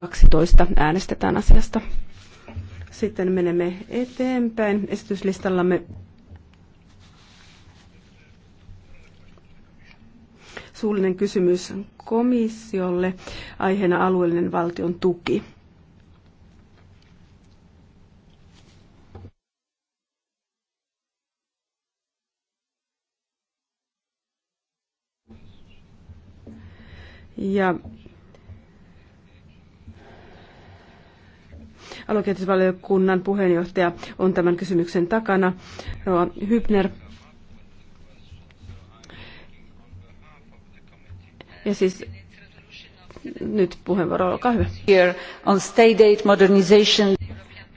12 äänestetään asiasta. Sitten menemme eteenpäin esityslistallamme. Suullinen kysymys komissiolle, aiheena alueellinen valtion tuki. Ja Aluekehitysvaliokunnan puheenjohtaja on tämän kysymyksen takana, Roa Hybner. Ja siis nyt puheenvuoro, olkaa hyvä. Here on state aid modernization.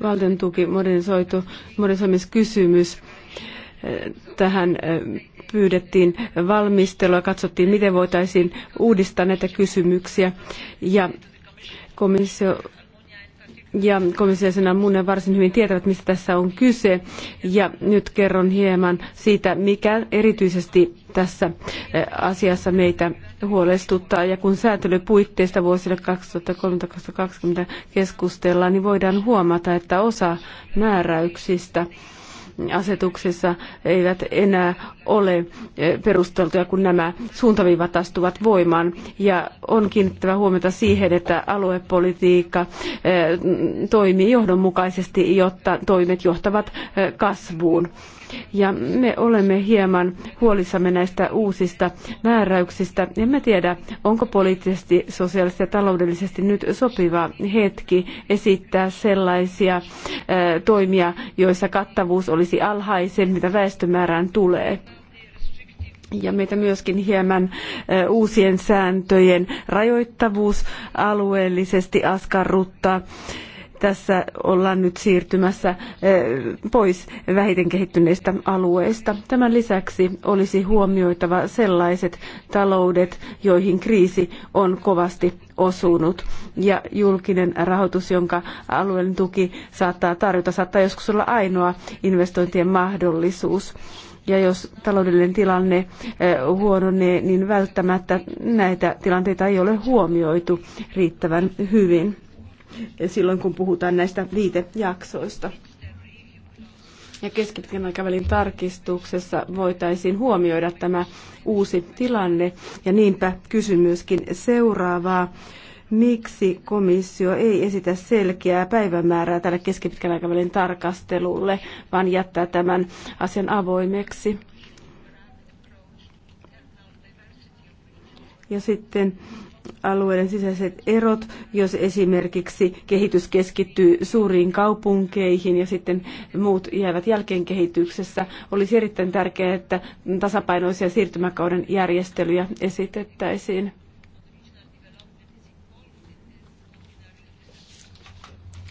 Valtion tuki, modernisoitu, modernisoimiskysymys. Tähän eh, pyydettiin valmistelua, katsottiin miten voitaisiin uudistaa näitä kysymyksiä. Ja komissio ja komissiosena Munne varsin hyvin tietävät, mistä tässä on kyse. Ja nyt kerron hieman siitä, mikä erityisesti tässä eh, asiassa meitä huolestuttaa. Ja kun sääntelypuitteista vuosille 2030-2020 keskustellaan, niin voidaan huomata, että osa määräyksistä – asetuksessa eivät enää ole e, perusteltuja, kun nämä suuntaviivat astuvat voimaan. Ja on kiinnittävä huomiota siihen, että aluepolitiikka e, toimii johdonmukaisesti, jotta toimet johtavat e, kasvuun. Ja me olemme hieman huolissamme näistä uusista määräyksistä. Emme tiedä, onko poliittisesti, sosiaalisesti ja taloudellisesti nyt sopiva hetki esittää sellaisia toimia, joissa kattavuus olisi alhaisen, mitä väestömäärään tulee ja meitä myöskin hieman uusien sääntöjen rajoittavuus alueellisesti askarruttaa tässä ollaan nyt siirtymässä eh, pois vähiten kehittyneistä alueista. Tämän lisäksi olisi huomioitava sellaiset taloudet, joihin kriisi on kovasti osunut. Ja julkinen rahoitus, jonka alueellinen tuki saattaa tarjota, saattaa joskus olla ainoa investointien mahdollisuus ja jos taloudellinen tilanne eh, huononee, niin välttämättä näitä tilanteita ei ole huomioitu riittävän hyvin silloin, kun puhutaan näistä viitejaksoista. Ja keskipitkän aikavälin tarkistuksessa voitaisiin huomioida tämä uusi tilanne. Ja niinpä kysyn myöskin seuraavaa. Miksi komissio ei esitä selkeää päivämäärää tälle keskipitkän aikavälin tarkastelulle, vaan jättää tämän asian avoimeksi? Ja sitten alueiden sisäiset erot, jos esimerkiksi kehitys keskittyy suuriin kaupunkeihin ja sitten muut jäävät jälkeen kehityksessä. Olisi erittäin tärkeää, että tasapainoisia siirtymäkauden järjestelyjä esitettäisiin.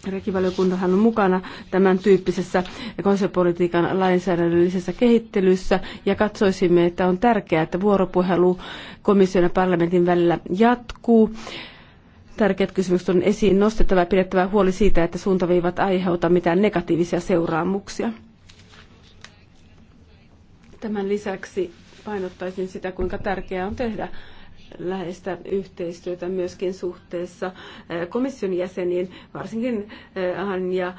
Rekivaliokuntahan on mukana tämän tyyppisessä konsepolitiikan lainsäädännöllisessä kehittelyssä ja katsoisimme, että on tärkeää, että vuoropuhelu komission ja parlamentin välillä jatkuu. Tärkeät kysymykset on esiin nostettava ja pidettävä huoli siitä, että suuntaviivat aiheuta mitään negatiivisia seuraamuksia. Tämän lisäksi painottaisin sitä, kuinka tärkeää on tehdä läheistä yhteistyötä myöskin suhteessa eh, komission jäseniin, varsinkin hän eh, ja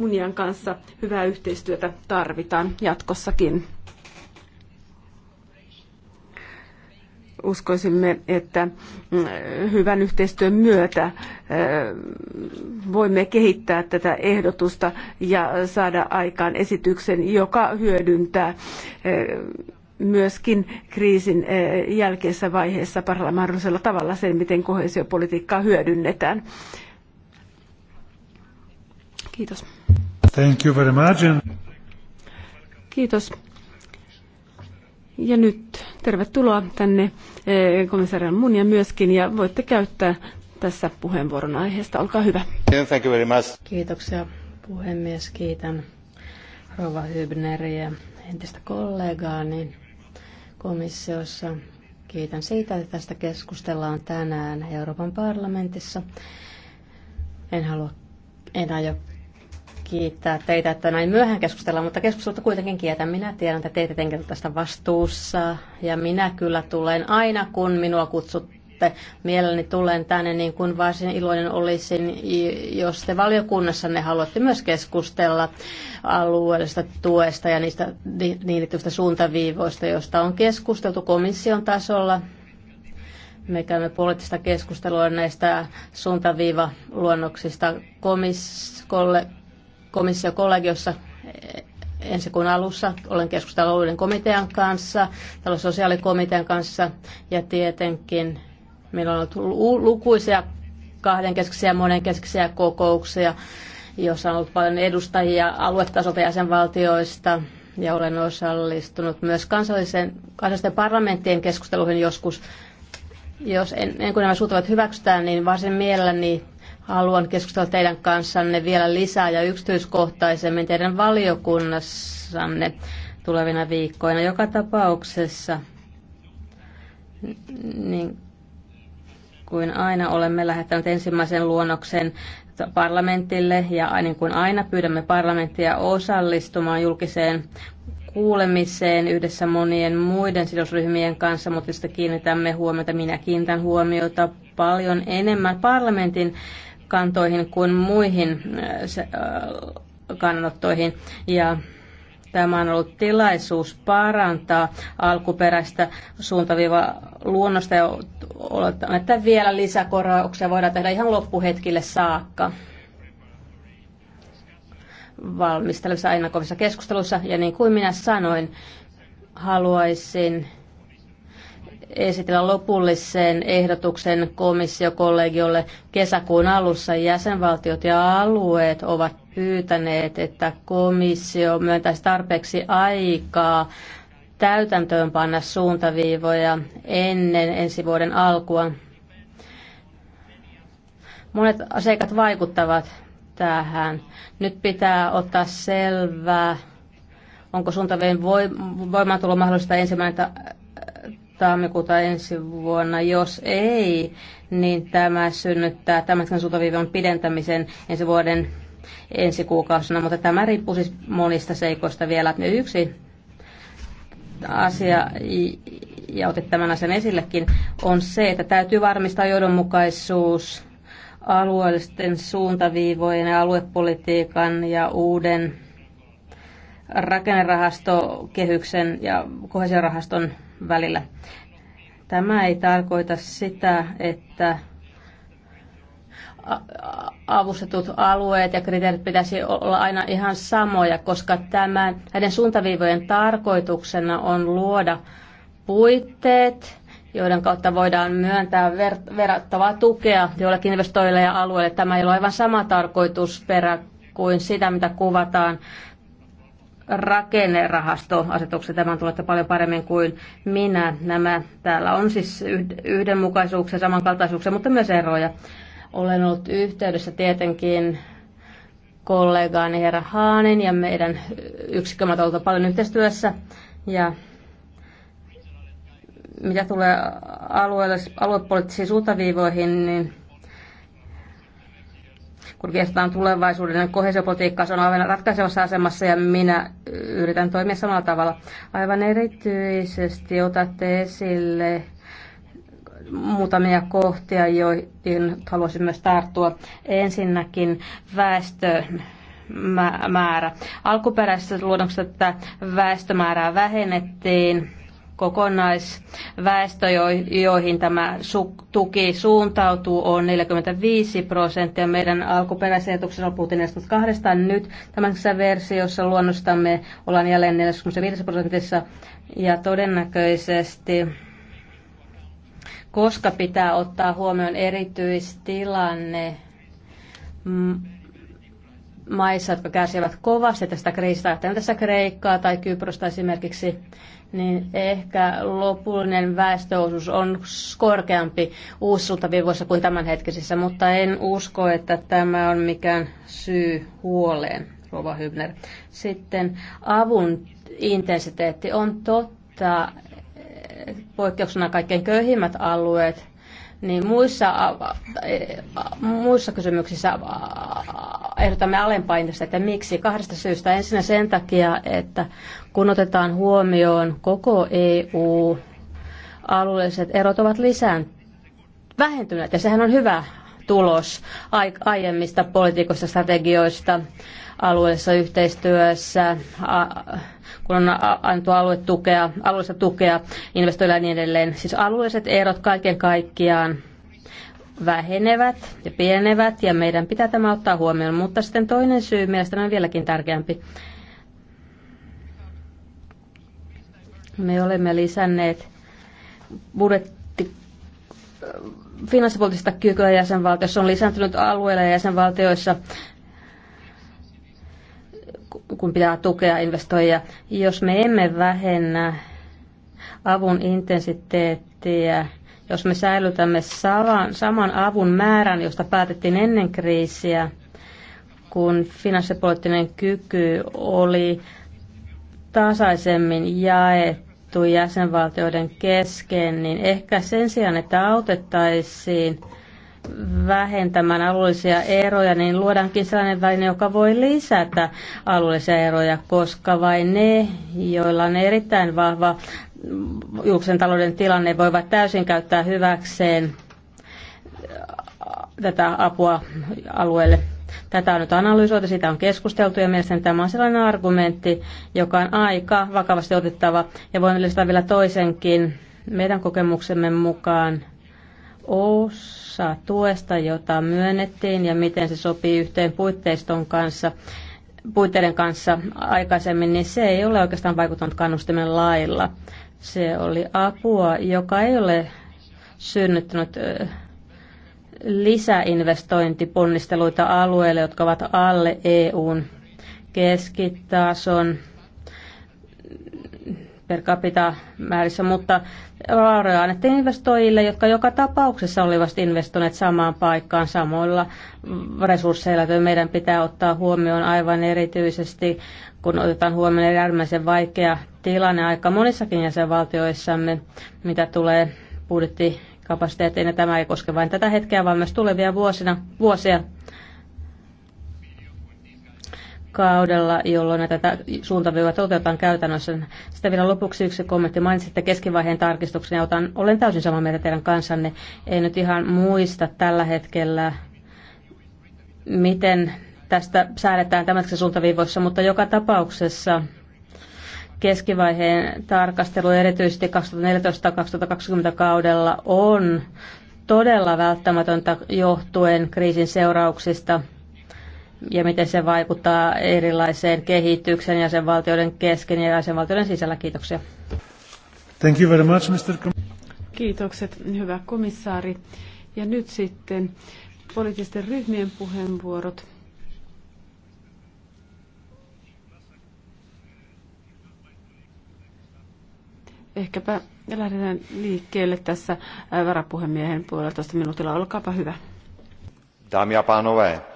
Munian kanssa. Hyvää yhteistyötä tarvitaan jatkossakin. uskoisimme, että mm, hyvän yhteistyön myötä eh, voimme kehittää tätä ehdotusta ja saada aikaan esityksen, joka hyödyntää myöskin kriisin eh, jälkeisessä vaiheessa parhaalla mahdollisella tavalla sen, miten kohesiopolitiikkaa hyödynnetään. Kiitos. Thank you very much. Kiitos. Ja nyt tervetuloa tänne eh, komissaari Munia myöskin ja voitte käyttää tässä puheenvuoron aiheesta. Olkaa hyvä. Thank you very much. Kiitoksia puhemies. Kiitän rouva Hybneriä entistä kollegaani komissiossa. Kiitän siitä, että tästä keskustellaan tänään Euroopan parlamentissa. En halua, en aio kiittää teitä, että näin myöhään keskustellaan, mutta keskustelut kuitenkin kiitän. Minä tiedän, että teitä tietenkin tästä vastuussa ja minä kyllä tulen aina, kun minua kutsut, että Mielelläni tulen tänne niin kuin varsin iloinen olisin, jos te valiokunnassa ne haluatte myös keskustella alueellisesta tuesta ja niistä niin suuntaviivoista, joista on keskusteltu komission tasolla me käymme poliittista keskustelua näistä suuntaviivaluonnoksista komissiolle, komissiokollegiossa ensi kuun alussa. Olen keskustellut uuden komitean kanssa, talous- sosiaalikomitean kanssa ja tietenkin Meillä on ollut lukuisia kahdenkeskisiä ja monenkeskisiä kokouksia, joissa on ollut paljon edustajia aluetasolta jäsenvaltioista ja olen osallistunut myös kansallisen, kansallisten parlamenttien keskusteluihin joskus. Jos en, en kun nämä suutavat hyväksytään, niin varsin mielelläni haluan keskustella teidän kanssanne vielä lisää ja yksityiskohtaisemmin teidän valiokunnassanne tulevina viikkoina. Joka tapauksessa niin kuin aina olemme lähettäneet ensimmäisen luonnoksen parlamentille ja niin kuin aina pyydämme parlamenttia osallistumaan julkiseen kuulemiseen yhdessä monien muiden sidosryhmien kanssa, mutta sitä kiinnitämme huomiota, minä kiinnitän huomiota paljon enemmän parlamentin kantoihin kuin muihin äh, äh, kannanottoihin. Ja Tämä on ollut tilaisuus parantaa alkuperäistä suuntaviiva luonnosta ja oletan, että vielä lisäkorjauksia voidaan tehdä ihan loppuhetkille saakka valmistelevissa kovissa keskustelussa. Ja niin kuin minä sanoin, haluaisin esitellä lopullisen ehdotuksen komissiokollegiolle kesäkuun alussa. Jäsenvaltiot ja alueet ovat pyytäneet, että komissio myöntäisi tarpeeksi aikaa täytäntöönpanna suuntaviivoja ennen ensi vuoden alkua. Monet seikat vaikuttavat tähän. Nyt pitää ottaa selvää, onko suuntaviin voimaantulo mahdollista ensimmäinen tammikuuta ensi vuonna. Jos ei, niin tämä synnyttää tämän suuntaviivan pidentämisen ensi vuoden ensi kuukausina, mutta tämä riippuu siis monista seikoista vielä. Yksi asia, ja otit tämän asian esillekin, on se, että täytyy varmistaa johdonmukaisuus alueellisten suuntaviivojen ja aluepolitiikan ja uuden rakennerahastokehyksen ja kohesiorahaston välillä. Tämä ei tarkoita sitä, että avustetut alueet ja kriteerit pitäisi olla aina ihan samoja, koska tämän, näiden suuntaviivojen tarkoituksena on luoda puitteet, joiden kautta voidaan myöntää ver- verrattavaa tukea joillekin investoijille ja alueille. Tämä ei ole aivan sama tarkoitusperä kuin sitä, mitä kuvataan rakennerahastoasetuksen. Tämän tulette paljon paremmin kuin minä. Nämä täällä on siis yhdenmukaisuuksia, samankaltaisuuksia, mutta myös eroja. Olen ollut yhteydessä tietenkin kollegaani Herra Haanin ja meidän yksikkömme ovat olleet paljon yhteistyössä. Ja mitä tulee alueellis- aluepoliittisiin suuntaviivoihin, niin kun kertaan tulevaisuuden, niin kohesiopolitiikka on aivan ratkaisevassa asemassa ja minä yritän toimia samalla tavalla. Aivan erityisesti otatte esille muutamia kohtia, joihin haluaisin myös tarttua. Ensinnäkin väestö määrä. Alkuperäisessä luonnoksessa tätä väestömäärää vähennettiin kokonaisväestö, joihin tämä tuki suuntautuu, on 45 prosenttia. Meidän on puhuttiin 42, nyt tämänkin versiossa luonnostamme ollaan jälleen 45 prosentissa ja todennäköisesti koska pitää ottaa huomioon erityistilanne maissa, jotka kärsivät kovasti tästä kriisistä, ajattelen tässä Kreikkaa tai Kyprosta esimerkiksi, niin ehkä lopullinen väestöosuus on korkeampi uussultaviivoissa kuin tämänhetkisissä, mutta en usko, että tämä on mikään syy huoleen, Rova Hybner. Sitten avun intensiteetti on totta, eh, poikkeuksena kaikkein köyhimmät alueet niin muissa, e, muissa kysymyksissä ehdotamme alempainosta, että miksi? Kahdesta syystä. Ensinnä sen takia, että kun otetaan huomioon koko EU, alueelliset erot ovat lisään vähentyneet, ja sehän on hyvä tulos aiemmista politiikoista, strategioista, alueellisessa yhteistyössä, kun on annettu aluetukea, alueellista tukea investoilla ja niin edelleen. Siis alueelliset erot kaiken kaikkiaan vähenevät ja pienevät ja meidän pitää tämä ottaa huomioon. Mutta sitten toinen syy mielestäni on vieläkin tärkeämpi. Me olemme lisänneet budjetti finanssipoliittista kykyä jäsenvaltioissa on lisääntynyt alueilla ja jäsenvaltioissa kun pitää tukea investoijia. Jos me emme vähennä avun intensiteettiä, jos me säilytämme saman avun määrän, josta päätettiin ennen kriisiä, kun finanssipoliittinen kyky oli tasaisemmin jaettu jäsenvaltioiden kesken, niin ehkä sen sijaan, että autettaisiin vähentämään alueellisia eroja, niin luodaankin sellainen väline, joka voi lisätä alueellisia eroja, koska vain ne, joilla on erittäin vahva julkisen talouden tilanne, voivat täysin käyttää hyväkseen tätä apua alueelle. Tätä on nyt analysoitu, sitä on keskusteltu ja mielestäni tämä on sellainen argumentti, joka on aika vakavasti otettava ja voin lisätä vielä toisenkin meidän kokemuksemme mukaan osa tuesta, jota myönnettiin ja miten se sopii yhteen puitteiston kanssa, puitteiden kanssa aikaisemmin, niin se ei ole oikeastaan vaikuttanut kannustimen lailla. Se oli apua, joka ei ole synnyttänyt lisäinvestointiponnisteluita alueille, jotka ovat alle EUn keskitason per capita määrissä, mutta vaaroja annettiin investoijille, jotka joka tapauksessa olivat investoineet samaan paikkaan samoilla resursseilla, joita meidän pitää ottaa huomioon aivan erityisesti, kun otetaan huomioon äärimmäisen vaikea tilanne aika monissakin jäsenvaltioissamme, mitä tulee budjettikapasiteettiin, ja tämä ei koske vain tätä hetkeä, vaan myös tulevia vuosina, vuosia kaudella, jolloin tätä suuntaviivaa toteutetaan käytännössä. Sitten vielä lopuksi yksi kommentti. Mainitsitte keskivaiheen tarkistuksen ja otan, olen täysin samaa mieltä teidän kanssanne. En nyt ihan muista tällä hetkellä, miten tästä säädetään tämänhetkisessä suuntaviivoissa, mutta joka tapauksessa keskivaiheen tarkastelu erityisesti 2014-2020 kaudella on todella välttämätöntä johtuen kriisin seurauksista – ja miten se vaikuttaa erilaiseen kehitykseen ja sen valtioiden kesken ja jäsenvaltioiden sisällä. Kiitoksia. Thank you very much, Mr. Kiitokset, hyvä komissaari. Ja nyt sitten poliittisten ryhmien puheenvuorot. Ehkäpä lähdetään liikkeelle tässä äh, varapuhemiehen puolitoista minuutilla. Olkaapa hyvä. Dámy a pánové,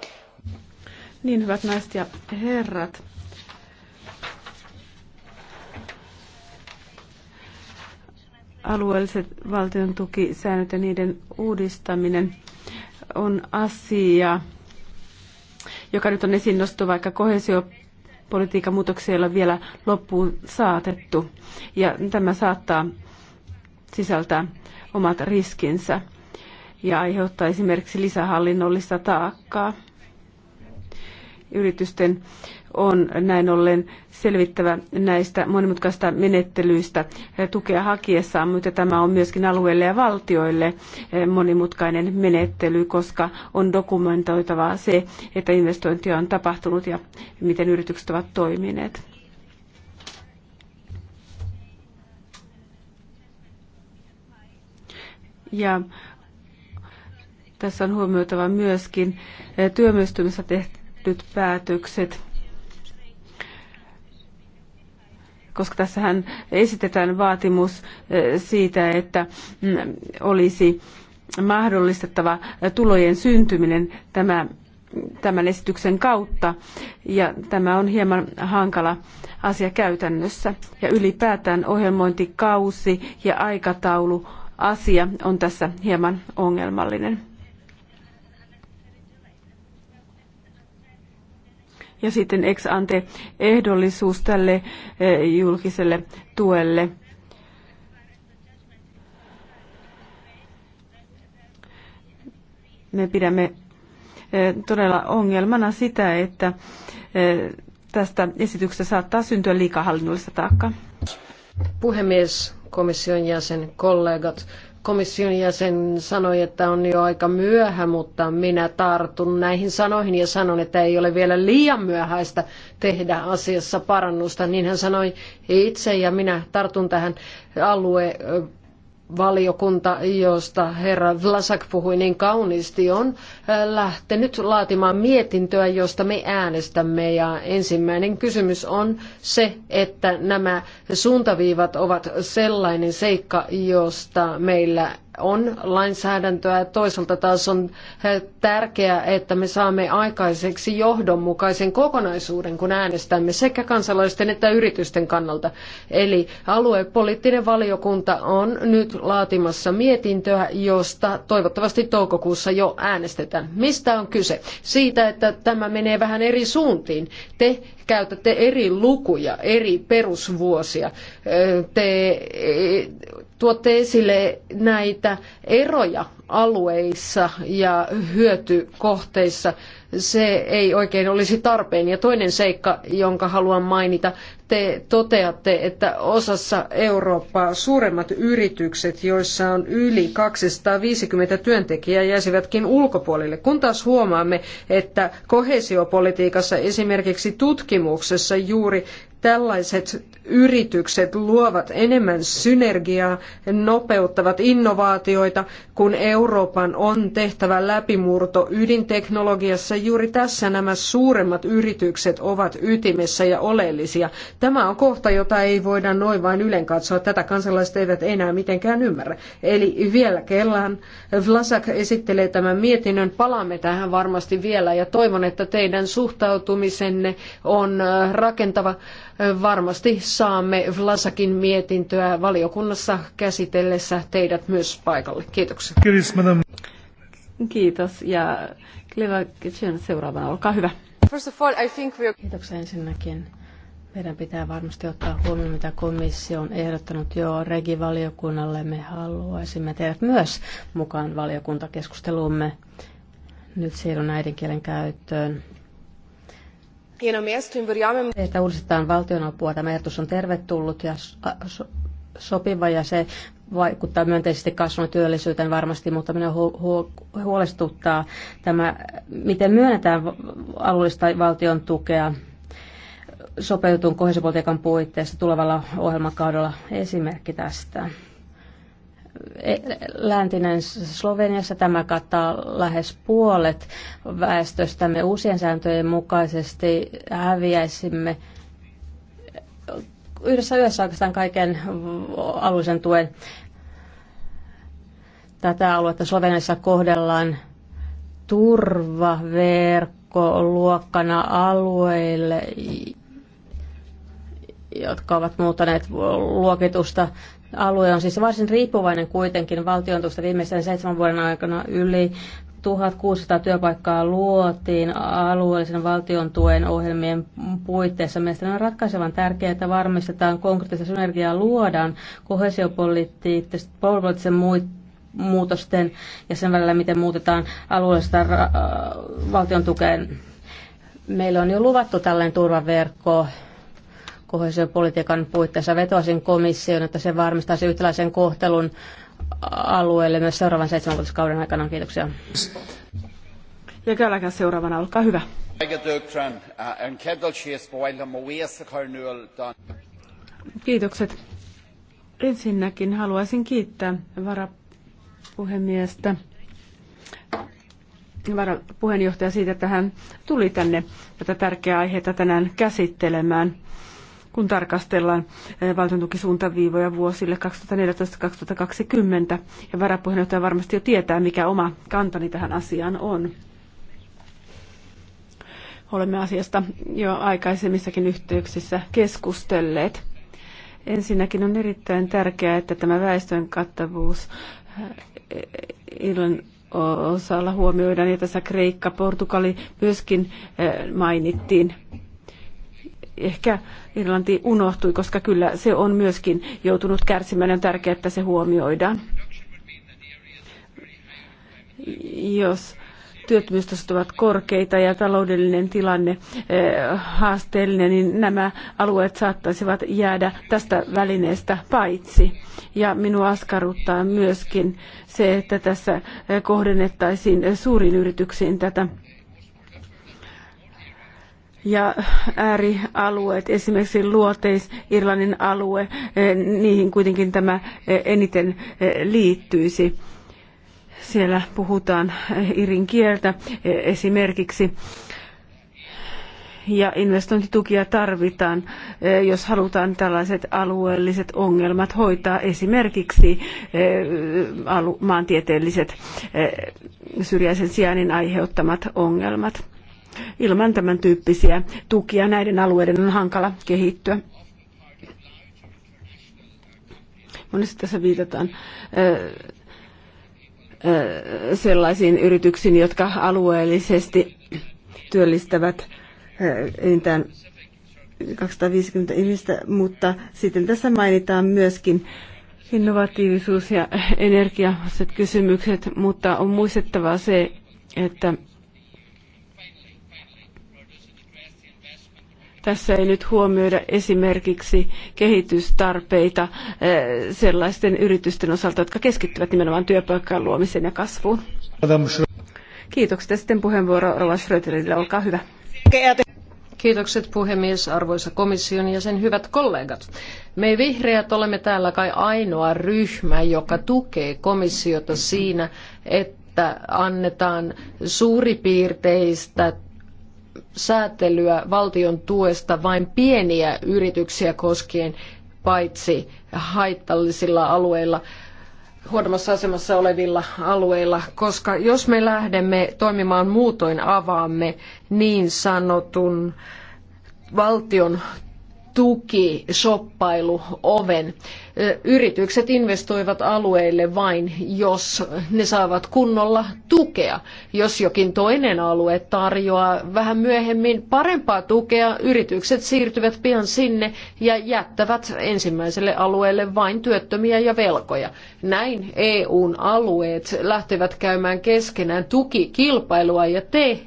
niin, hyvät naiset ja herrat. Alueelliset valtion tukisäännöt ja niiden uudistaminen on asia, joka nyt on esiin nostu, vaikka kohesiopolitiikan muutoksia ei ole vielä loppuun saatettu. Ja tämä saattaa sisältää omat riskinsä ja aiheuttaa esimerkiksi lisähallinnollista taakkaa yritysten on näin ollen selvittävä näistä monimutkaista menettelyistä tukea hakiessaan, mutta tämä on myöskin alueille ja valtioille eh, monimutkainen menettely, koska on dokumentoitava se, että investointia on tapahtunut ja miten yritykset ovat toimineet. Ja tässä on huomioitava myöskin eh, työmystymissä tehdyt päätökset. Koska tässähän esitetään vaatimus eh, siitä, että mm, olisi mahdollistettava tulojen syntyminen tämä, tämän esityksen kautta. Ja tämä on hieman hankala asia käytännössä. Ja ylipäätään ohjelmointikausi ja aikataulu asia on tässä hieman ongelmallinen. ja sitten ex ante ehdollisuus tälle eh, julkiselle tuelle. Me pidämme eh, todella ongelmana sitä, että eh, tästä esityksestä saattaa syntyä liikahallinnollista taakkaa. Puhemies, komission jäsen, kollegat komission jäsen sanoi, että on jo aika myöhä, mutta minä tartun näihin sanoihin ja sanon, että ei ole vielä liian myöhäistä tehdä asiassa parannusta. Niin hän sanoi itse ja minä tartun tähän alue valiokunta, josta herra Vlasak puhui niin kauniisti, on äh, lähtenyt laatimaan mietintöä, josta me äänestämme. Ja ensimmäinen kysymys on se, että nämä suuntaviivat ovat sellainen seikka, josta meillä on lainsäädäntöä toisaalta taas on tärkeää, että me saamme aikaiseksi johdonmukaisen kokonaisuuden, kun äänestämme sekä kansalaisten että yritysten kannalta. Eli aluepoliittinen valiokunta on nyt laatimassa mietintöä, josta toivottavasti toukokuussa jo äänestetään. Mistä on kyse? Siitä, että tämä menee vähän eri suuntiin. Te käytätte eri lukuja, eri perusvuosia. Te tuotte esille näitä eroja alueissa ja hyötykohteissa. Se ei oikein olisi tarpeen. Ja toinen seikka, jonka haluan mainita, te toteatte, että osassa Eurooppaa suuremmat yritykset, joissa on yli 250 työntekijää, jäisivätkin ulkopuolelle. Kun taas huomaamme, että koheesiopolitiikassa esimerkiksi tutkimuksessa juuri Tällaiset yritykset luovat enemmän synergiaa, ja nopeuttavat innovaatioita, kun Euroopan on tehtävä läpimurto ydinteknologiassa. Juuri tässä nämä suuremmat yritykset ovat ytimessä ja oleellisia. Tämä on kohta, jota ei voida noin vain ylen katsoa. Tätä kansalaiset eivät enää mitenkään ymmärrä. Eli vielä kellaan. Vlasak esittelee tämän mietinnön. Palaamme tähän varmasti vielä ja toivon, että teidän suhtautumisenne on rakentava varmasti saamme Vlasakin mietintöä valiokunnassa käsitellessä teidät myös paikalle. Kiitoksia. Kiitos ja Kleva seuraavana, olkaa hyvä. First of all, I think we... Kiitoksia ensinnäkin. Meidän pitää varmasti ottaa huomioon, mitä komissio on ehdottanut jo regivaliokunnalle. Me haluaisimme teidät myös mukaan valiokuntakeskusteluumme. Nyt siirryn äidinkielen käyttöön. Se, että uudistetaan valtionapua, tämä ehdotus on tervetullut ja sopiva ja se vaikuttaa myönteisesti kasvun työllisyyteen varmasti, mutta minä huolestuttaa tämä, miten myönnetään alueellista valtion tukea sopeutun kohesipolitiikan puitteissa tulevalla ohjelmakaudella esimerkki tästä läntinen Sloveniassa tämä kattaa lähes puolet väestöstämme uusien sääntöjen mukaisesti häviäisimme yhdessä yössä oikeastaan kaiken alueellisen tuen. Tätä aluetta Sloveniassa kohdellaan turvaverkkoluokkana alueille, jotka ovat muuttaneet luokitusta Alue on siis varsin riippuvainen kuitenkin valtion tuosta viimeisen seitsemän vuoden aikana yli 1600 työpaikkaa luotiin alueellisen valtion tuen ohjelmien puitteissa. Mielestäni on ratkaisevan tärkeää, että varmistetaan konkreettista synergiaa luodaan kohesiopoliittisen muutosten ja sen välillä, miten muutetaan alueellista ra- äh, valtion tukeen. Meillä on jo luvattu tällainen turvaverkko kohesiopolitiikan puitteissa. Vetoisin komissioon, että se varmistaisi yhtäläisen kohtelun alueelle myös seuraavan kauden aikana. Kiitoksia. Ja kylläkään seuraavana, olkaa hyvä. Kiitokset. Ensinnäkin haluaisin kiittää varapuhemiestä, varapuheenjohtaja siitä, että hän tuli tänne tätä tärkeää aihetta tänään käsittelemään kun tarkastellaan eh, valtiontukisuuntaviivoja vuosille 2014-2020. Ja varapuheenjohtaja varmasti jo tietää, mikä oma kantani tähän asiaan on. Olemme asiasta jo aikaisemmissakin yhteyksissä keskustelleet. Ensinnäkin on erittäin tärkeää, että tämä väestön kattavuus eh, ilon osalla huomioidaan, ja tässä Kreikka, Portugali myöskin eh, mainittiin ehkä Irlanti unohtui, koska kyllä se on myöskin joutunut kärsimään. On tärkeää, että se huomioidaan. Jos työttömyystasot ovat korkeita ja taloudellinen tilanne eh, haasteellinen, niin nämä alueet saattaisivat jäädä tästä välineestä paitsi. Ja minua askarruttaa myöskin se, että tässä eh, kohdennettaisiin eh, suuriin yrityksiin tätä ja äärialueet, esimerkiksi luoteis-Irlannin alue, eh, niihin kuitenkin tämä eh, eniten eh, liittyisi. Siellä puhutaan irin kieltä esimerkiksi ja investointitukia tarvitaan, jos halutaan tällaiset alueelliset ongelmat hoitaa, esimerkiksi maantieteelliset syrjäisen sijainnin aiheuttamat ongelmat. Ilman tämän tyyppisiä tukia näiden alueiden on hankala kehittyä. Monesti tässä viitataan sellaisiin yrityksiin, jotka alueellisesti työllistävät enintään 250 ihmistä, mutta sitten tässä mainitaan myöskin innovatiivisuus ja energiakysymykset, mutta on muistettava se, että Tässä ei nyt huomioida esimerkiksi kehitystarpeita eh, sellaisten yritysten osalta, jotka keskittyvät nimenomaan työpaikkaan luomiseen ja kasvuun. Kiitokset ja sitten puheenvuoro Rova olkaa hyvä. Kiitokset puhemies, arvoisa komission ja sen hyvät kollegat. Me vihreät olemme täällä kai ainoa ryhmä, joka tukee komissiota siinä, että annetaan suuripiirteistä säätelyä valtion tuesta vain pieniä yrityksiä koskien, paitsi haitallisilla alueilla huonommassa asemassa olevilla alueilla, koska jos me lähdemme toimimaan muutoin, avaamme niin sanotun valtion tuki shoppailu oven yritykset investoivat alueille vain, jos ne saavat kunnolla tukea. Jos jokin toinen alue tarjoaa vähän myöhemmin parempaa tukea, yritykset siirtyvät pian sinne ja jättävät ensimmäiselle alueelle vain työttömiä ja velkoja. Näin EUn alueet lähtevät käymään keskenään tukikilpailua ja te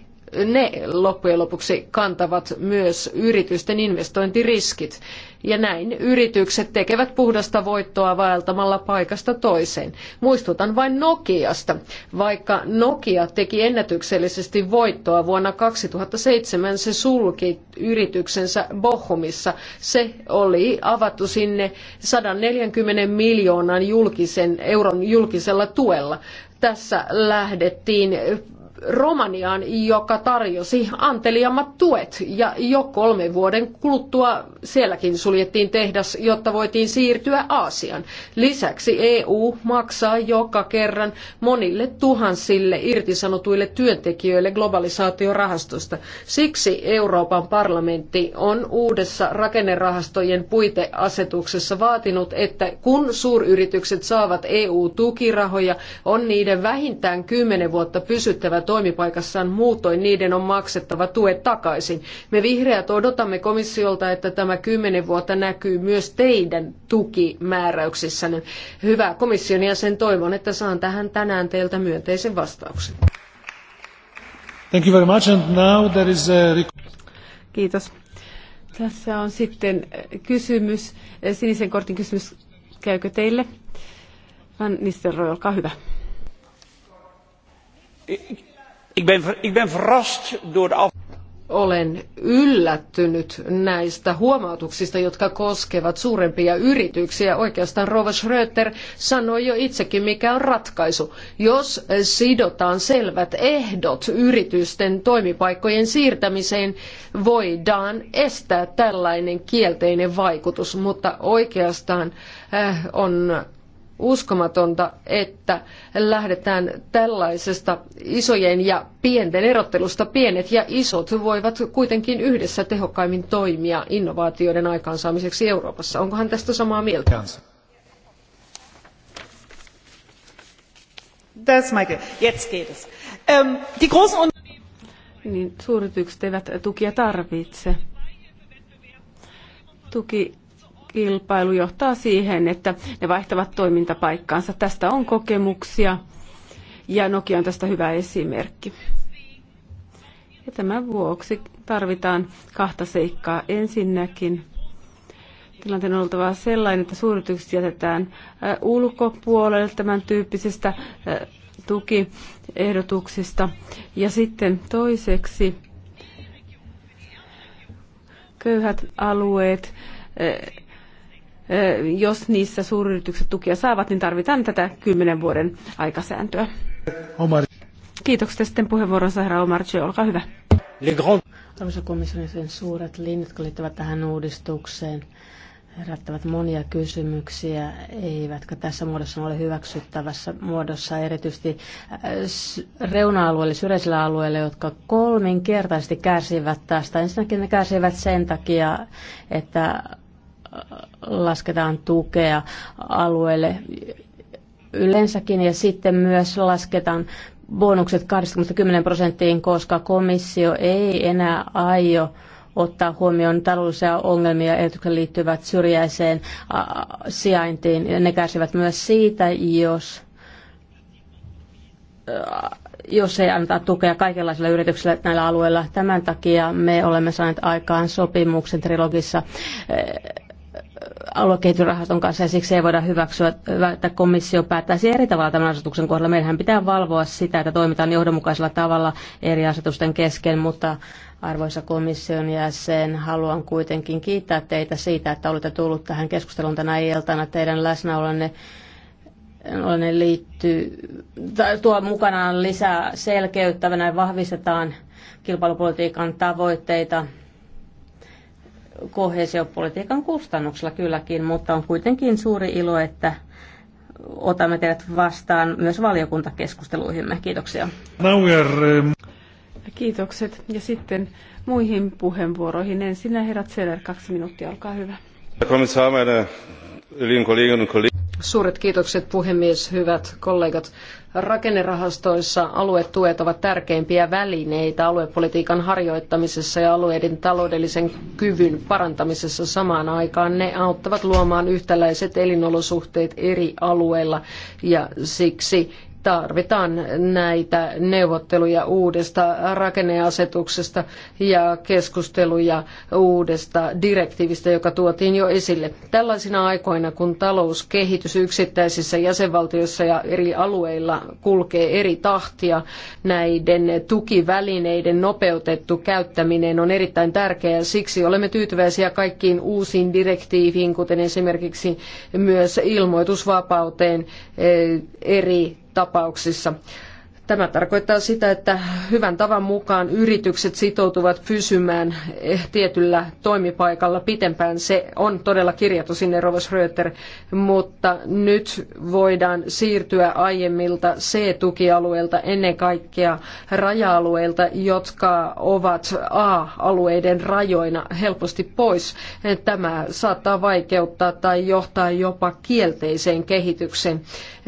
ne loppujen lopuksi kantavat myös yritysten investointiriskit. Ja näin yritykset tekevät puhdasta voittoa vaeltamalla paikasta toiseen. Muistutan vain Nokiasta. Vaikka Nokia teki ennätyksellisesti voittoa vuonna 2007, se sulki yrityksensä Bochumissa. Se oli avattu sinne 140 miljoonan julkisen, euron julkisella tuella tässä lähdettiin Romaniaan, joka tarjosi anteliammat tuet. Ja jo kolme vuoden kuluttua sielläkin suljettiin tehdas, jotta voitiin siirtyä Aasiaan. Lisäksi EU maksaa joka kerran monille tuhansille irtisanotuille työntekijöille globalisaatiorahastosta. Siksi Euroopan parlamentti on uudessa rakennerahastojen puiteasetuksessa vaatinut, että kun suuryritykset saavat EU-tukirahoja, on niiden vähintään kymmenen vuotta pysyttävä toimipaikassaan, muutoin niiden on maksettava tuet takaisin. Me vihreät odotamme komissiolta, että tämä kymmenen vuotta näkyy myös teidän tukimääräyksissänne. Hyvä komission jäsen, toivon, että saan tähän tänään teiltä myönteisen vastauksen. Thank you very much and now there is a... Kiitos. Tässä on sitten eh, kysymys, eh, sinisen kortin kysymys, käykö teille? Van Nistelrooy, olkaa hyvä. Ik ben, ik ben verrast door de af... Olen yllättynyt näistä huomautuksista, jotka koskevat suurempia yrityksiä. Oikeastaan Rova Schröter sanoi jo itsekin, mikä on ratkaisu. Jos sidotaan selvät ehdot yritysten toimipaikkojen siirtämiseen, voidaan estää tällainen kielteinen vaikutus, mutta oikeastaan äh, on uskomatonta, että lähdetään tällaisesta isojen ja pienten erottelusta. Pienet ja isot voivat kuitenkin yhdessä tehokkaimmin toimia innovaatioiden aikaansaamiseksi Euroopassa. Onkohan tästä samaa mieltä? Das Michael. Jetzt geht es. Ähm, die großen niin eivät tukia tarvitse. Tuki kilpailu johtaa siihen, että ne vaihtavat toimintapaikkaansa. Tästä on kokemuksia ja Nokia on tästä hyvä esimerkki. Ja tämän vuoksi tarvitaan kahta seikkaa. Ensinnäkin tilanteen on oltava sellainen, että suuritykset jätetään äh, ulkopuolelle tämän tyyppisistä äh, tukiehdotuksista. Ja sitten toiseksi köyhät alueet äh, jos niissä suuryritykset tukia saavat, niin tarvitaan tätä kymmenen vuoden aikasääntöä. Omar. Kiitokset sitten puheenvuoronsa, herra Omarci, olkaa hyvä. Arvoisa komission sen suuret linjat, jotka liittyvät tähän uudistukseen, herättävät monia kysymyksiä, eivätkä tässä muodossa ole hyväksyttävässä muodossa, erityisesti äh, reuna-alueille, syrjäisillä alueille, jotka kolminkertaisesti kärsivät tästä. Ensinnäkin ne kärsivät sen takia, että lasketaan tukea alueelle yleensäkin ja sitten myös lasketaan bonukset 20 prosenttiin, koska komissio ei enää aio ottaa huomioon taloudellisia ongelmia, jotka liittyvät syrjäiseen sijaintiin. Ne kärsivät myös siitä, jos jos ei anneta tukea kaikenlaisille yrityksille näillä alueilla. Tämän takia me olemme saaneet aikaan sopimuksen trilogissa aluekehitysrahaston kanssa ja siksi ei voida hyväksyä, että komissio päättäisi eri tavalla tämän asetuksen kohdalla. Meidän pitää valvoa sitä, että toimitaan johdonmukaisella tavalla eri asetusten kesken, mutta arvoisa komission jäsen, haluan kuitenkin kiittää teitä siitä, että olette tullut tähän keskusteluun tänä iltana. Teidän läsnäolonne ne liittyy, tuo mukanaan lisää selkeyttä, näin vahvistetaan kilpailupolitiikan tavoitteita kohesiopolitiikan kustannuksella kylläkin, mutta on kuitenkin suuri ilo, että otamme teidät vastaan myös valiokuntakeskusteluihimme. Kiitoksia. Eh, Kiitokset. Ja sitten muihin puheenvuoroihin. Ensinnä herrat Seller, kaksi minuuttia, olkaa hyvä. Herr Kommissar, meine lieben Kolleginnen und Kollegen. Suuret kiitokset puhemies, hyvät kollegat. Rakennerahastoissa aluetuet ovat tärkeimpiä välineitä aluepolitiikan harjoittamisessa ja alueiden taloudellisen kyvyn parantamisessa samaan aikaan. Ne auttavat luomaan yhtäläiset elinolosuhteet eri alueilla ja siksi tarvitaan näitä neuvotteluja uudesta rakenneasetuksesta ja keskusteluja uudesta direktiivistä, joka tuotiin jo esille. Tällaisina aikoina, kun talouskehitys yksittäisissä jäsenvaltioissa ja eri alueilla kulkee eri tahtia, näiden tukivälineiden nopeutettu käyttäminen on erittäin tärkeää. Siksi olemme tyytyväisiä kaikkiin uusiin direktiiviin, kuten esimerkiksi myös ilmoitusvapauteen eh, eri tapauksissa. Tämä tarkoittaa sitä, että hyvän tavan mukaan yritykset sitoutuvat pysymään eh, tietyllä toimipaikalla pitempään. Se on todella kirjattu sinne Rovos Röter, mutta nyt voidaan siirtyä aiemmilta C-tukialueilta ennen kaikkea raja-alueilta, jotka ovat A-alueiden rajoina helposti pois. Tämä saattaa vaikeuttaa tai johtaa jopa kielteiseen kehitykseen.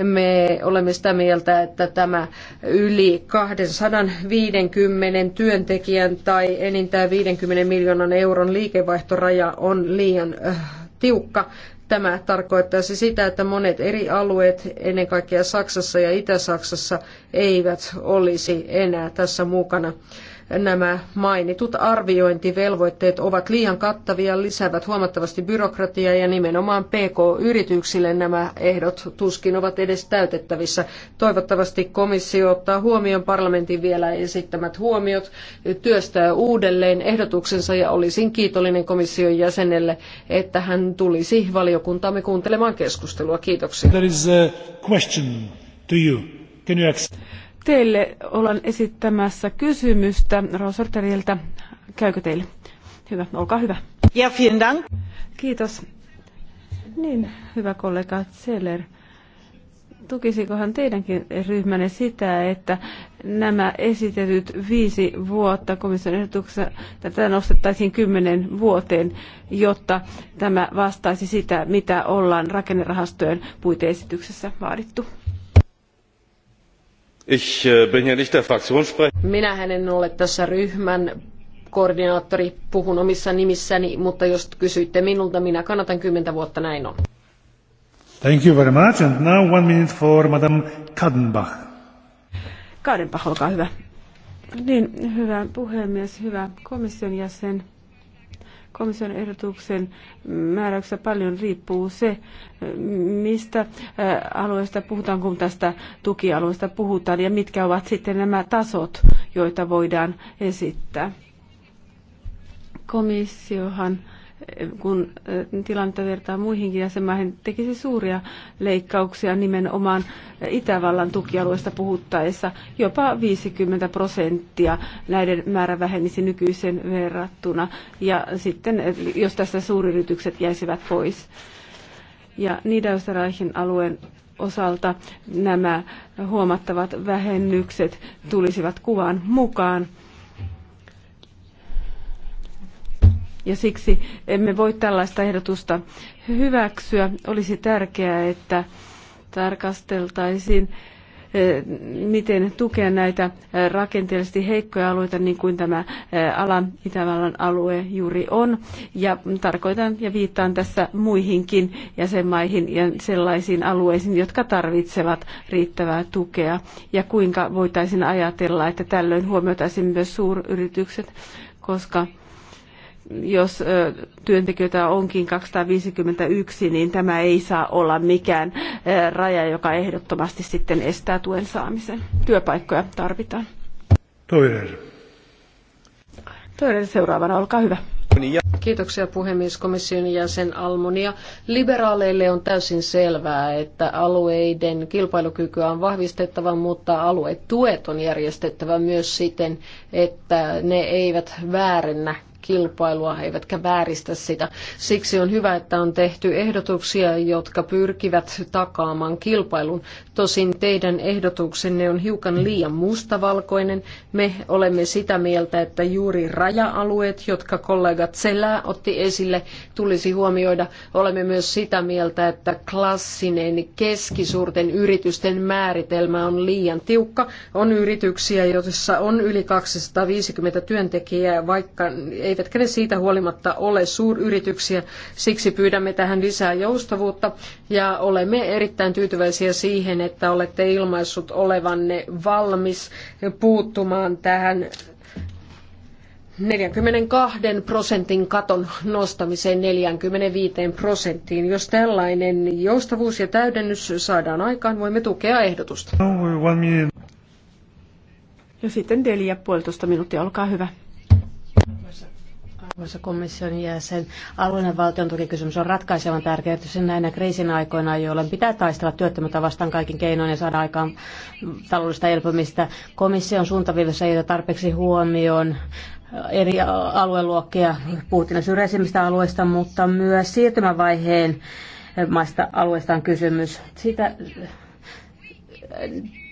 Me olemme sitä mieltä, että tämä yli 250 työntekijän tai enintään 50 miljoonan euron liikevaihtoraja on liian äh, tiukka. Tämä tarkoittaisi sitä, että monet eri alueet, ennen kaikkea Saksassa ja Itä-Saksassa, eivät olisi enää tässä mukana nämä mainitut arviointivelvoitteet ovat liian kattavia, lisäävät huomattavasti byrokratiaa ja nimenomaan PK-yrityksille nämä ehdot tuskin ovat edes täytettävissä. Toivottavasti komissio ottaa huomioon parlamentin vielä esittämät huomiot, työstää uudelleen ehdotuksensa ja olisin kiitollinen komission jäsenelle, että hän tulisi valiokuntaamme kuuntelemaan keskustelua. Kiitoksia teille olen esittämässä kysymystä Rosorterilta. Käykö teille? Hyvä, olkaa hyvä. Ja vielen dank. Kiitos. Niin, hyvä kollega Zeller tukisikohan teidänkin ryhmänne sitä, että nämä esitetyt viisi vuotta komission ehdotuksessa tätä nostettaisiin kymmenen vuoteen, jotta tämä vastaisi sitä, mitä ollaan rakennerahastojen puiteesityksessä vaadittu? Ich äh, bin hier nicht der Fraktionssprecher. Minähän en ole tässä ryhmän koordinaattori, puhun omissa nimissäni, mutta jos kysytte minulta, minä kannatan kymmentä vuotta näin on. Thank you very much. And now one minute for Madame Kadenbach. Kadenbach, olkaa hyvä. Niin, hyvä puhemies, hyvä komission jäsen komission ehdotuksen määräyksessä paljon riippuu se, mistä alueesta puhutaan, kun tästä tukialueesta puhutaan, ja mitkä ovat sitten nämä tasot, joita voidaan esittää. Komissiohan kun tilannetta vertaa muihinkin jäsenmaihin, tekisi suuria leikkauksia nimenomaan Itävallan tukialueesta puhuttaessa. Jopa 50 prosenttia näiden määrä vähenisi nykyisen verrattuna. Ja sitten, jos tässä suuryritykset jäisivät pois. Ja Niederösterreichin alueen osalta nämä huomattavat vähennykset tulisivat kuvan mukaan. ja siksi emme voi tällaista ehdotusta hyväksyä. Olisi tärkeää, että tarkasteltaisiin eh, miten tukea näitä eh, rakenteellisesti heikkoja alueita, niin kuin tämä eh, ala Itävallan alue juuri on. Ja tarkoitan ja viittaan tässä muihinkin jäsenmaihin ja sellaisiin alueisiin, jotka tarvitsevat riittävää tukea. Ja kuinka voitaisiin ajatella, että tällöin huomioitaisiin myös suuryritykset, koska jos työntekijöitä onkin 251, niin tämä ei saa olla mikään raja, joka ehdottomasti sitten estää tuen saamisen. Työpaikkoja tarvitaan. Toinen. Toinen seuraavana, olkaa hyvä. Kiitoksia puhemies komission jäsen Almonia. Liberaaleille on täysin selvää, että alueiden kilpailukykyä on vahvistettava, mutta aluetuet on järjestettävä myös siten, että ne eivät väärennä kilpailua, eivätkä vääristä sitä. Siksi on hyvä, että on tehty ehdotuksia, jotka pyrkivät takaamaan kilpailun. Tosin teidän ehdotuksenne on hiukan liian mustavalkoinen. Me olemme sitä mieltä, että juuri raja-alueet, jotka kollegat Selää otti esille, tulisi huomioida. Olemme myös sitä mieltä, että klassinen keskisuurten yritysten määritelmä on liian tiukka. On yrityksiä, joissa on yli 250 työntekijää, vaikka eivätkä ne siitä huolimatta ole suuryrityksiä. Siksi pyydämme tähän lisää joustavuutta ja olemme erittäin tyytyväisiä siihen, että olette ilmaissut olevanne valmis puuttumaan tähän 42 prosentin katon nostamiseen 45 prosenttiin. Jos tällainen joustavuus ja täydennys saadaan aikaan, voimme tukea ehdotusta. No, ja sitten neljä minuuttia, olkaa hyvä. Arvoisa komission jäsen, alueellinen valtion tukikysymys on ratkaisevan tärkeä, sen näinä kriisin aikoina, jolloin pitää taistella työttömyyttä vastaan kaikin keinoin ja saada aikaan taloudellista elpymistä. Komission suuntaviivassa ei ole tarpeeksi huomioon eri alueluokkia, puhuttiin syrjäisimmistä alueista, mutta myös siirtymävaiheen maista alueista on kysymys. Sitä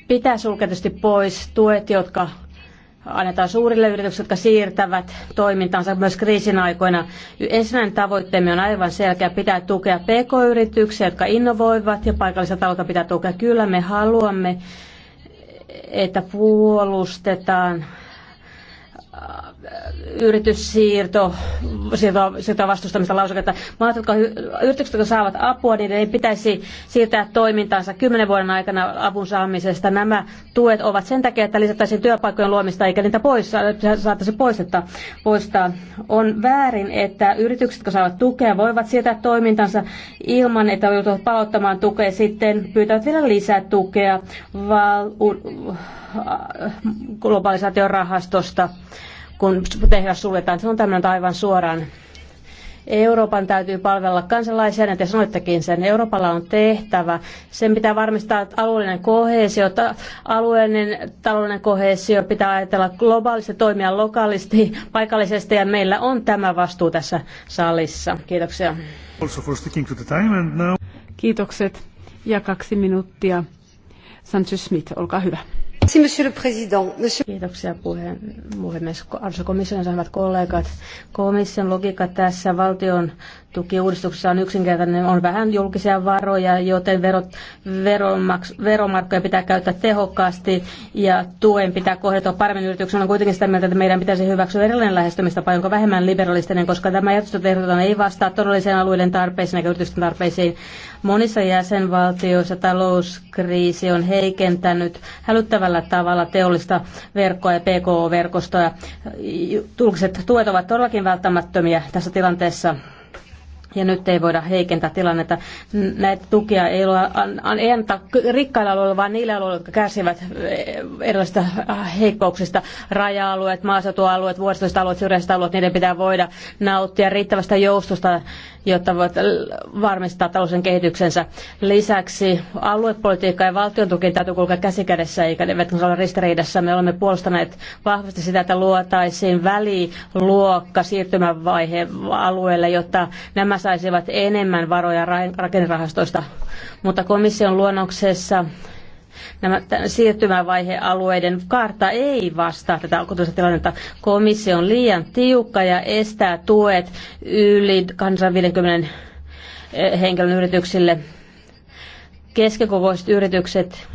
pitää sulkea pois tuet, jotka annetaan suurille yrityksille, jotka siirtävät toimintansa myös kriisin aikoina. Ensimmäinen tavoitteemme on aivan selkeä, pitää tukea pk-yrityksiä, jotka innovoivat ja paikallista taloutta pitää tukea. Kyllä me haluamme, että puolustetaan yrityssiirto, siirto, siirto vastustamista lausuketta, Maat, jotka, yritykset, jotka saavat apua, niin ei pitäisi siirtää toimintaansa kymmenen vuoden aikana avun saamisesta. Nämä tuet ovat sen takia, että lisättäisiin työpaikkojen luomista eikä niitä pois, saattaisi poistetta, poistaa. On väärin, että yritykset, jotka saavat tukea, voivat siirtää toimintansa ilman, että joutuvat palauttamaan tukea sitten pyytävät vielä lisää tukea globalisaation rahastosta kun tehdas suljetaan. Se on tämmöinen aivan suoraan. Euroopan täytyy palvella kansalaisia, ja te sanoittekin sen. Euroopalla on tehtävä. Sen pitää varmistaa alueellinen kohesio, ta- alueellinen taloudellinen kohesio, pitää ajatella globaalisti, toimia lokaalisti, paikallisesti, ja meillä on tämä vastuu tässä salissa. Kiitoksia. Kiitokset. Ja kaksi minuuttia. Sanchez Smith, olkaa hyvä. Kiitoksia puheen, puhemies. Arvoisa komission hyvät kollegat. Komission logiikka tässä valtion tukiuudistuksessa on yksinkertainen, on vähän julkisia varoja, joten verot, veromaks, veromarkkoja pitää käyttää tehokkaasti ja tuen pitää kohdata paremmin yrityksen. On kuitenkin sitä mieltä, että meidän pitäisi hyväksyä erilainen lähestymistapa, jonka vähemmän liberalistinen, koska tämä jätystötehdoton ei vastaa todelliseen alueiden tarpeisiin ja yritysten tarpeisiin. Monissa jäsenvaltioissa talouskriisi on heikentänyt hälyttävällä tavalla teollista verkkoa ja PKO-verkostoa. Julkiset tuet ovat todellakin välttämättömiä tässä tilanteessa ja nyt ei voida heikentää tilannetta. Näitä tukia ei, ole, ei anneta rikkailla alueilla, vaan niillä alueilla, jotka kärsivät e, erilaisista äh, heikkouksista. Raja-alueet, maaseutualueet, vuoristoiset alueet, syrjäiset alueet, niiden pitää voida nauttia riittävästä joustusta jotta voit varmistaa talousen kehityksensä. Lisäksi aluepolitiikka ja valtion tuki täytyy kulkea käsikädessä, eikä ne ole ristiriidassa. Me olemme puolustaneet vahvasti sitä, että luotaisiin väliluokka siirtymävaihe alueelle, jotta nämä saisivat enemmän varoja rakennerahastoista. Mutta komission luonnoksessa nämä siirtymävaihealueiden karta ei vastaa tätä alkuperäistä tilannetta. Komissio on liian tiukka ja estää tuet yli 250 henkilön yrityksille keskikokoiset yritykset,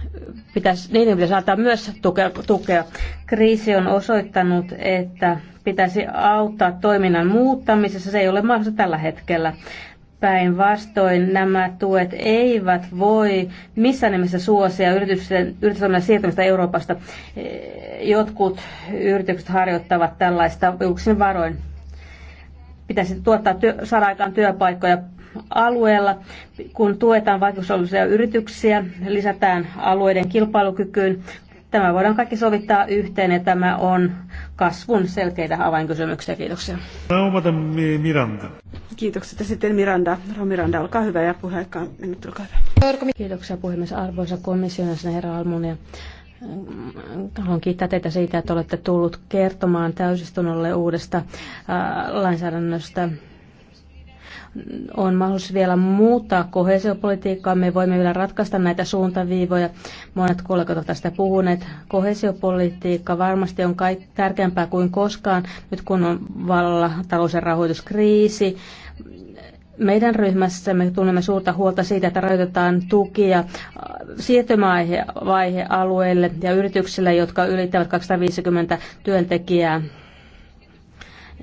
pitäisi, niiden pitäisi antaa myös tukea, tukea. Kriisi on osoittanut, että pitäisi auttaa toiminnan muuttamisessa. Se ei ole mahdollista tällä hetkellä. Päinvastoin nämä tuet eivät voi missään nimessä suosia yritysten, yritystoiminnan siirtymistä Euroopasta. Jotkut yritykset harjoittavat tällaista yksin varoin. Pitäisi tuottaa työ, saada aikaan työpaikkoja alueella, kun tuetaan vaikutusoluisia yrityksiä, lisätään alueiden kilpailukykyyn. Tämä voidaan kaikki sovittaa yhteen ja tämä on kasvun selkeitä avainkysymyksiä. Kiitoksia. Miranda. Kiitokset. Ja sitten Miranda, Ro Miranda, olkaa hyvä ja puheenjohtaja, minuutti, olkaa hyvä. Kiitoksia puhemies. Arvoisa komissionissa herra Almunia. Haluan kiittää teitä siitä, että olette tullut kertomaan täysistunnolle uudesta lainsäädännöstä on mahdollisuus vielä muuttaa kohesiopolitiikkaa. Me voimme vielä ratkaista näitä suuntaviivoja. Monet kollegat ovat tästä puhuneet. Kohesiopolitiikka varmasti on kaik- tärkeämpää kuin koskaan, nyt kun on vallalla talous- ja rahoituskriisi. Meidän ryhmässämme tunnemme suurta huolta siitä, että rajoitetaan tukia siirtymävaihealueille ja yrityksille, jotka ylittävät 250 työntekijää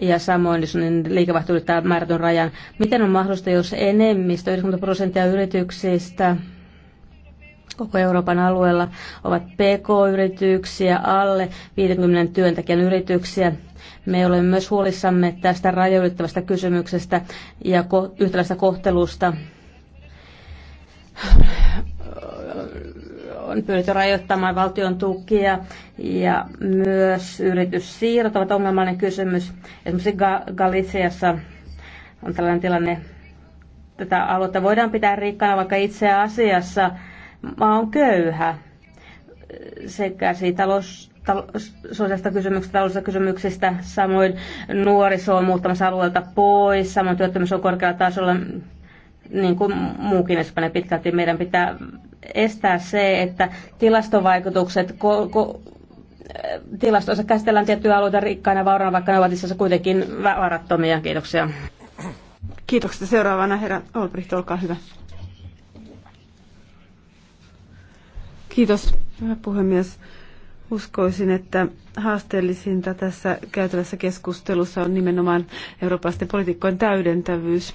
ja samoin, jos niin liikevaihto ylittää määrätyn rajan. Miten on mahdollista, jos enemmistö, 90 prosenttia yrityksistä koko Euroopan alueella ovat PK-yrityksiä, alle 50 työntekijän yrityksiä. Me olemme myös huolissamme tästä rajoittavasta kysymyksestä ja yhtäläistä kohtelusta on pyritty rajoittamaan valtion tukia ja myös yrityssiirrot ovat ongelmallinen kysymys. Esimerkiksi Galiciassa on tällainen tilanne, tätä aluetta voidaan pitää rikkana, vaikka itse asiassa maa on köyhä sekä siitä talous, talous, sosiaalista kysymyksistä, taloudellisista kysymyksistä, samoin nuoriso on muuttamassa alueelta pois, samoin työttömyys on korkealla tasolla, niin kuin muukin Espanja pitkälti. Meidän pitää estää se, että tilastovaikutukset ko- ko- tilastoissa käsitellään tiettyjä alueita rikkaina vauraina, vaikka ne ovat itse asiassa kuitenkin varattomia. Kiitoksia. Kiitoksia. Seuraavana herra Olbricht, olkaa hyvä. Kiitos, hyvä puhemies. Uskoisin, että haasteellisinta tässä käytävässä keskustelussa on nimenomaan eurooppalaisten politiikkojen täydentävyys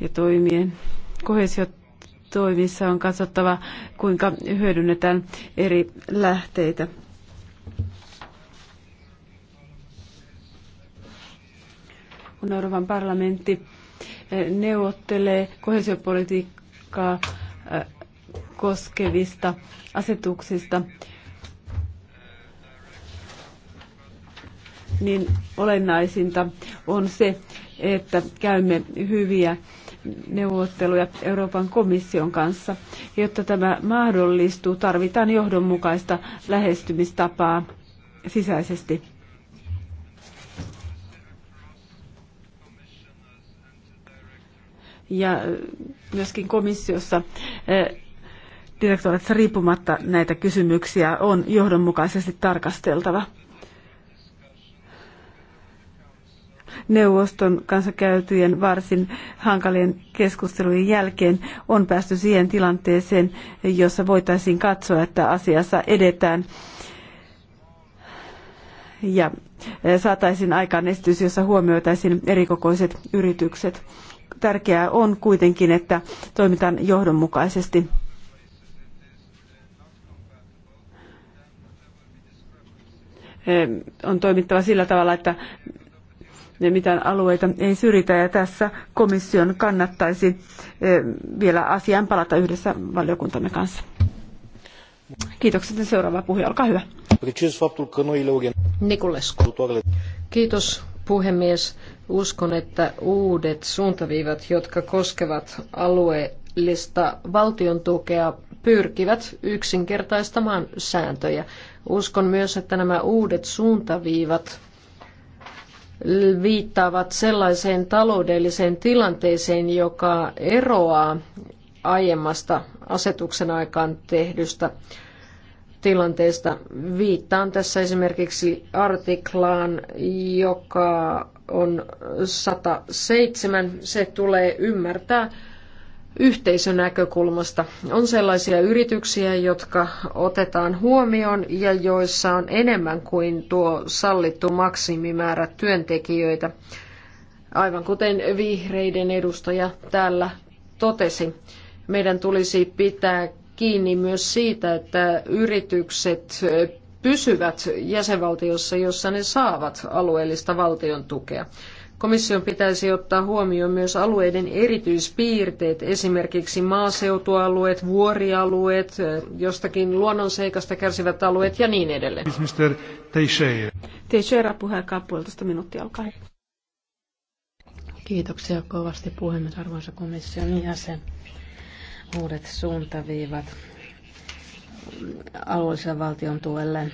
ja toimien kohesiot toimissa on katsottava, kuinka hyödynnetään eri lähteitä. Kun Euroopan parlamentti eh, neuvottelee kohesiopolitiikkaa eh, koskevista asetuksista, niin olennaisinta on se, että käymme hyviä neuvotteluja Euroopan komission kanssa. Jotta tämä mahdollistuu, tarvitaan johdonmukaista lähestymistapaa sisäisesti. Ja myöskin komissiossa direktoritsa riippumatta näitä kysymyksiä on johdonmukaisesti tarkasteltava. neuvoston kanssa käytyjen varsin hankalien keskustelujen jälkeen on päästy siihen tilanteeseen, jossa voitaisiin katsoa, että asiassa edetään ja e, saataisiin aikaan esitys, jossa huomioitaisiin erikokoiset yritykset. Tärkeää on kuitenkin, että toimitaan johdonmukaisesti. E, on toimittava sillä tavalla, että mitään alueita ei syrjitä ja tässä komission kannattaisi eh, vielä asiaan palata yhdessä valiokuntamme kanssa. Kiitokset seuraava puhuja, olkaa hyvä. Nikulescu. Kiitos puhemies. Uskon, että uudet suuntaviivat, jotka koskevat alueellista valtion tukea, pyrkivät yksinkertaistamaan sääntöjä. Uskon myös, että nämä uudet suuntaviivat viittaavat sellaiseen taloudelliseen tilanteeseen, joka eroaa aiemmasta asetuksen aikaan tehdystä tilanteesta. Viittaan tässä esimerkiksi artiklaan, joka on 107. Se tulee ymmärtää yhteisönäkökulmasta. On sellaisia yrityksiä, jotka otetaan huomioon ja joissa on enemmän kuin tuo sallittu maksimimäärä työntekijöitä, aivan kuten vihreiden edustaja täällä totesi. Meidän tulisi pitää kiinni myös siitä, että yritykset pysyvät jäsenvaltiossa, jossa ne saavat alueellista valtion tukea. Komission pitäisi ottaa huomioon myös alueiden erityispiirteet, esimerkiksi maaseutualueet, vuorialueet, jostakin luonnonseikasta kärsivät alueet ja niin edelleen. Mr. Teixeira. Teixeira puheenjohtaja puolitoista minuuttia, olkaa Kiitoksia kovasti puhemies, arvoisa komission jäsen. Uudet suuntaviivat alueelliselle valtion tuelle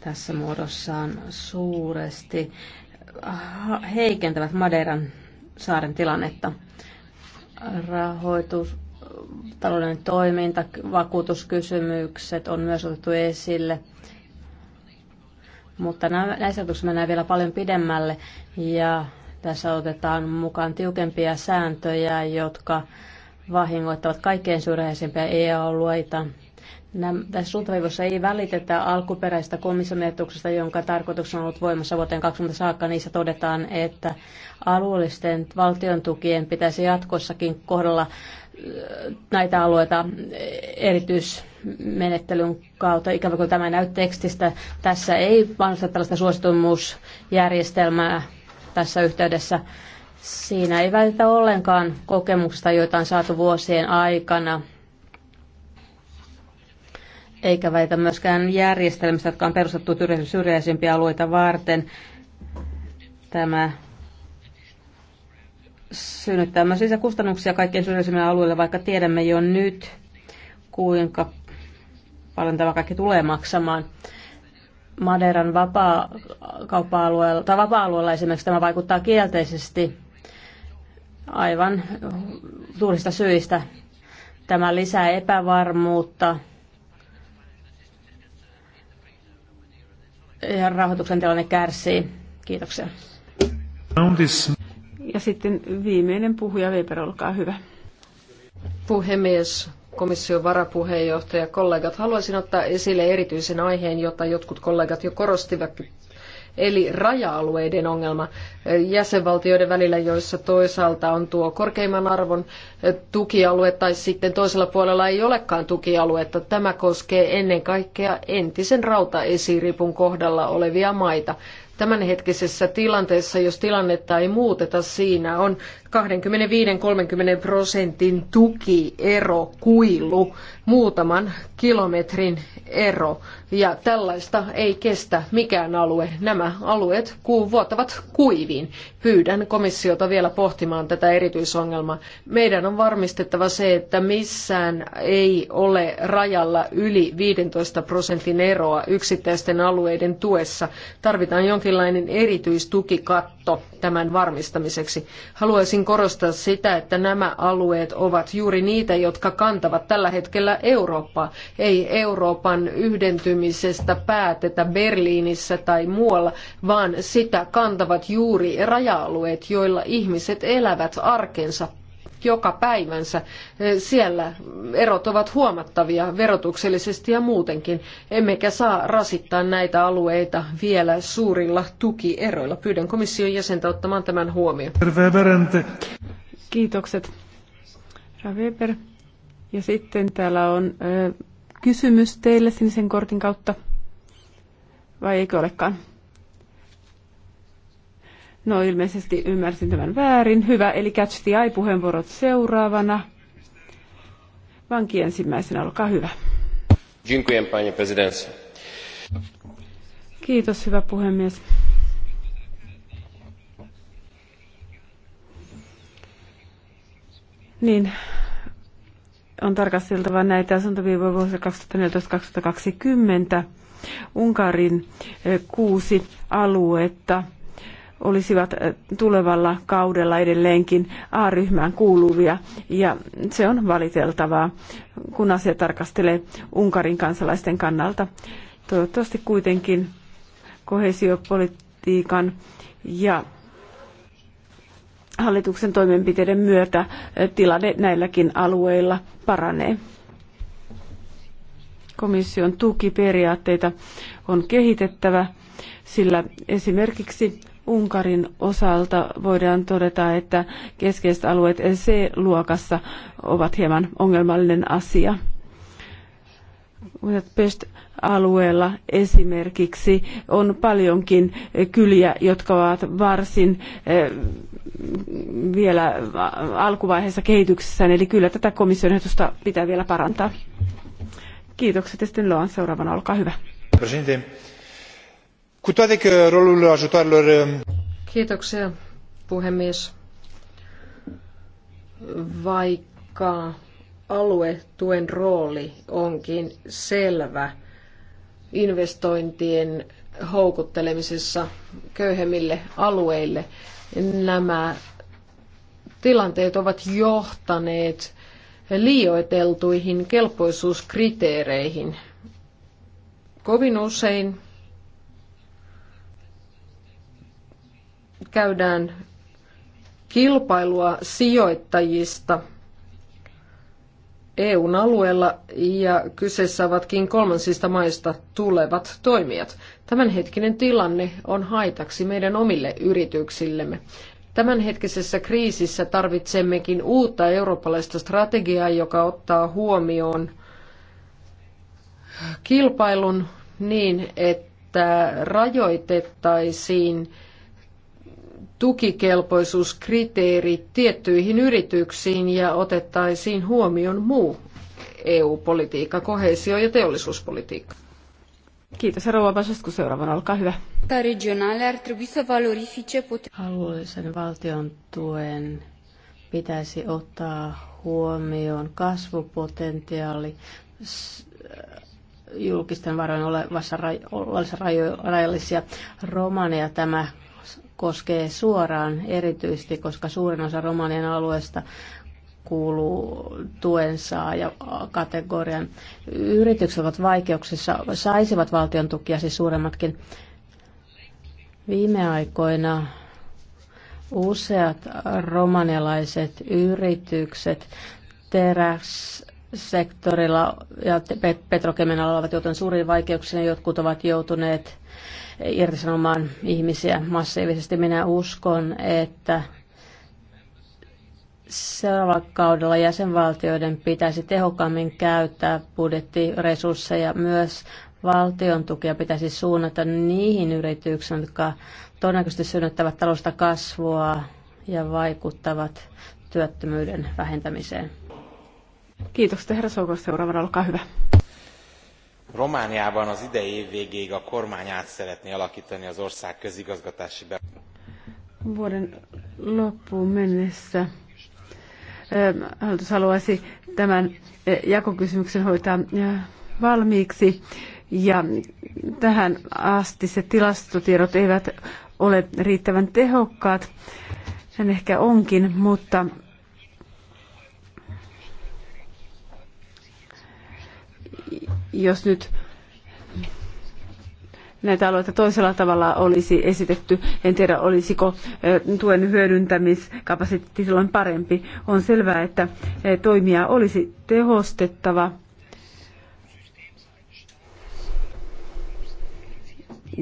tässä muodossaan suuresti heikentävät Madeiran saaren tilannetta. Rahoitus, talouden toiminta, vakuutuskysymykset on myös otettu esille. Mutta näissä ajatuksissa mennään vielä paljon pidemmälle ja tässä otetaan mukaan tiukempia sääntöjä, jotka vahingoittavat kaikkein syrjäisimpiä EU-alueita Nämä, tässä suuntaviivossa ei välitetä alkuperäistä komission ehdotuksesta, jonka tarkoituksena on ollut voimassa vuoteen 20 saakka. Niissä todetaan, että alueellisten valtion tukien pitäisi jatkossakin kohdella näitä alueita erityismenettelyn kautta. Ikävä kuin tämä näy tekstistä, tässä ei panosteta tällaista suositumusjärjestelmää tässä yhteydessä. Siinä ei välitä ollenkaan kokemuksista, joita on saatu vuosien aikana eikä väitä myöskään järjestelmistä, jotka on perustettu syrjäisimpiä alueita varten. Tämä synnyttää myös lisäkustannuksia kaikkien syrjäisimmille alueille, vaikka tiedämme jo nyt, kuinka paljon tämä kaikki tulee maksamaan. Madeiran vapaa-alueella, tai vapaa-alueella esimerkiksi tämä vaikuttaa kielteisesti aivan turhista syistä. Tämä lisää epävarmuutta ihan rahoituksen tilanne kärsii. Kiitoksia. Ja sitten viimeinen puhuja Weber, olkaa hyvä. Puhemies, komission varapuheenjohtaja, kollegat, haluaisin ottaa esille erityisen aiheen, jota jotkut kollegat jo korostivat eli raja-alueiden ongelma jäsenvaltioiden välillä, joissa toisaalta on tuo korkeimman arvon tukialue tai sitten toisella puolella ei olekaan tukialuetta. Tämä koskee ennen kaikkea entisen rautaesiripun kohdalla olevia maita tämänhetkisessä tilanteessa, jos tilannetta ei muuteta, siinä on 25-30 prosentin tukiero, kuilu, muutaman kilometrin ero. Ja tällaista ei kestä mikään alue. Nämä alueet vuotavat kuiviin. Pyydän komissiota vielä pohtimaan tätä erityisongelmaa. Meidän on varmistettava se, että missään ei ole rajalla yli 15 prosentin eroa yksittäisten alueiden tuessa. Tarvitaan jonkinlainen erityistukikatto tämän varmistamiseksi. Haluaisin haluaisin korostaa sitä, että nämä alueet ovat juuri niitä, jotka kantavat tällä hetkellä Eurooppaa. Ei Euroopan yhdentymisestä päätetä Berliinissä tai muualla, vaan sitä kantavat juuri raja-alueet, joilla ihmiset elävät arkensa joka päivänsä. Siellä erot ovat huomattavia verotuksellisesti ja muutenkin, emmekä saa rasittaa näitä alueita vielä suurilla tukieroilla. Pyydän komission jäsentä ottamaan tämän huomioon. Kiitokset. Weber. Ja sitten täällä on kysymys teille sinisen kortin kautta, vai eikö olekaan? No ilmeisesti ymmärsin tämän väärin. Hyvä, eli catch the eye-puheenvuorot seuraavana. Vanki ensimmäisenä, olkaa hyvä. Kiitos, hyvä puhemies. Niin, on tarkasteltava näitä asuntoviivoja vuosina 2014-2020. Unkarin eh, kuusi aluetta olisivat eh, tulevalla kaudella edelleenkin A-ryhmään kuuluvia ja se on valiteltavaa, kun asia tarkastelee Unkarin kansalaisten kannalta. Toivottavasti kuitenkin kohesiopolitiikan ja hallituksen toimenpiteiden myötä eh, tilanne näilläkin alueilla paranee. Komission tukiperiaatteita on kehitettävä, sillä esimerkiksi Unkarin osalta voidaan todeta, että keskeiset alueet C-luokassa ovat hieman ongelmallinen asia. Pest-alueella esimerkiksi on paljonkin kyliä, jotka ovat varsin eh, vielä alkuvaiheessa kehityksessään, eli kyllä tätä komission ehdotusta pitää vielä parantaa. Kiitokset ja sitten Loan seuraavana, olkaa hyvä. Presidente Cu toate că rolul ajutoarelor... Um, Kiitoksia, puhemies. Vaikka aluetuen rooli onkin selvä investointien houkuttelemisessa köyhemmille alueille, nämä tilanteet ovat johtaneet liioiteltuihin kelpoisuuskriteereihin. Kovin usein käydään kilpailua sijoittajista EUn alueella ja kyseessä ovatkin kolmansista maista tulevat toimijat. Tämänhetkinen tilanne on haitaksi meidän omille yrityksillemme. Tämänhetkisessä kriisissä tarvitsemmekin uutta eurooppalaista strategiaa, joka ottaa huomioon kilpailun niin, että rajoitettaisiin tukikelpoisuuskriteerit tiettyihin yrityksiin ja otettaisiin huomioon muu EU-politiikka, kohesio- ja teollisuuspolitiikka. Kiitos, Rouva Basescu. seuraavan olkaa hyvä. Alueellisen valtion tuen pitäisi ottaa huomioon kasvupotentiaali julkisten varojen olevassa rajallisia. Romania tämä koskee suoraan erityisesti, koska suurin osa romanien alueesta kuuluu tuen ja kategorian. Yritykset ovat vaikeuksissa, saisivat valtion tukia siis suuremmatkin. Viime aikoina useat romanialaiset yritykset teräs, sektorilla ja petrokemenalla ovat joutuneet suuriin vaikeuksiin jotkut ovat joutuneet irtisanomaan ihmisiä massiivisesti. Minä uskon, että seuraavalla kaudella jäsenvaltioiden pitäisi tehokkaammin käyttää budjettiresursseja. Myös valtion tukia pitäisi suunnata niihin yrityksiin, jotka todennäköisesti synnyttävät talousta kasvua ja vaikuttavat työttömyyden vähentämiseen. Kiitos, herra Soukos. Seuraavana, olkaa hyvä romániában az idei év végéig a kormány át szeretné alaktani az ország közigazgatási Vuoden tämän jakokysymyksen hoitaa valmiiksi ja tähän asti se tilastotiedot eivät ole riittävän tehokkaat. Sen ehkä onkin, mutta jos nyt näitä alueita toisella tavalla olisi esitetty. En tiedä, olisiko tuen hyödyntämiskapasiteetti silloin parempi. On selvää, että toimia olisi tehostettava.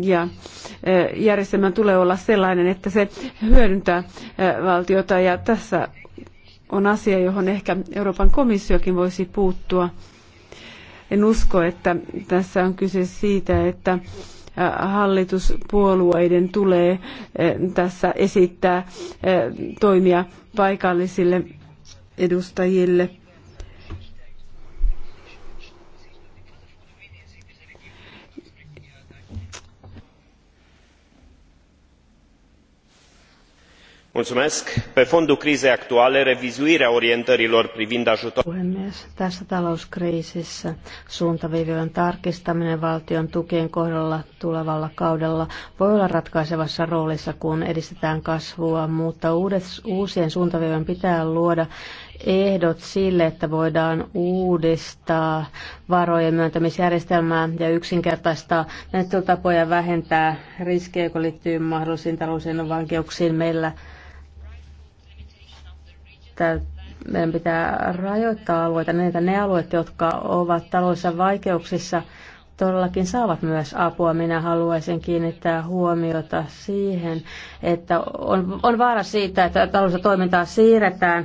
Ja järjestelmän tulee olla sellainen, että se hyödyntää valtiota ja tässä on asia, johon ehkä Euroopan komissiokin voisi puuttua. En usko, että tässä on kyse siitä, että hallituspuolueiden tulee tässä esittää toimia paikallisille edustajille pe fondul crizei actuale revizuirea orientărilor privind ajutorul. tässä talouskriisissä suuntaviivojen tarkistaminen valtion tukien kohdalla tulevalla kaudella voi olla ratkaisevassa roolissa, kun edistetään kasvua, mutta uudet, uusien suuntaviivojen pitää luoda ehdot sille, että voidaan uudistaa varojen myöntämisjärjestelmää ja yksinkertaistaa menettelytapoja vähentää riskejä, joka liittyy mahdollisiin taloudellisiin vankeuksiin meillä että meidän pitää rajoittaa alueita, niitä ne alueet, jotka ovat taloudellisissa vaikeuksissa, todellakin saavat myös apua. Minä haluaisin kiinnittää huomiota siihen, että on, on vaara siitä, että taloudellista toimintaa siirretään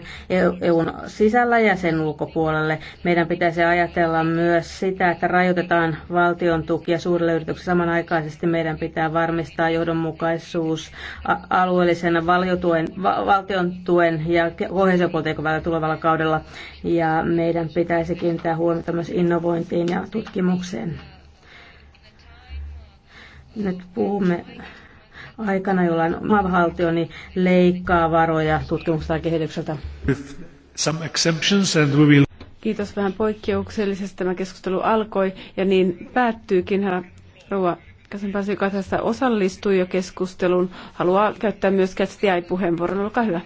EUn e sisällä ja sen ulkopuolelle. Meidän pitäisi ajatella myös sitä, että rajoitetaan valtion tukia suurille yrityksille. Samanaikaisesti meidän pitää varmistaa johdonmukaisuus alueellisena valiotuen, va, valtion tuen ja kohesiopolitiikan välillä tulevalla kaudella. Ja meidän pitäisi kiinnittää huomiota myös innovointiin ja tutkimukseen. Nyt puhumme aikana, jolloin niin leikkaa varoja tutkimuksesta ja kehitykseltä. Some and we will... Kiitos vähän poikkeuksellisesti. Tämä keskustelu alkoi ja niin päättyykin. Herra Rouva Kasenpäsi, joka tässä osallistui jo keskusteluun, haluaa käyttää myös käsiäi-puheenvuoron. Olkaa hyvä.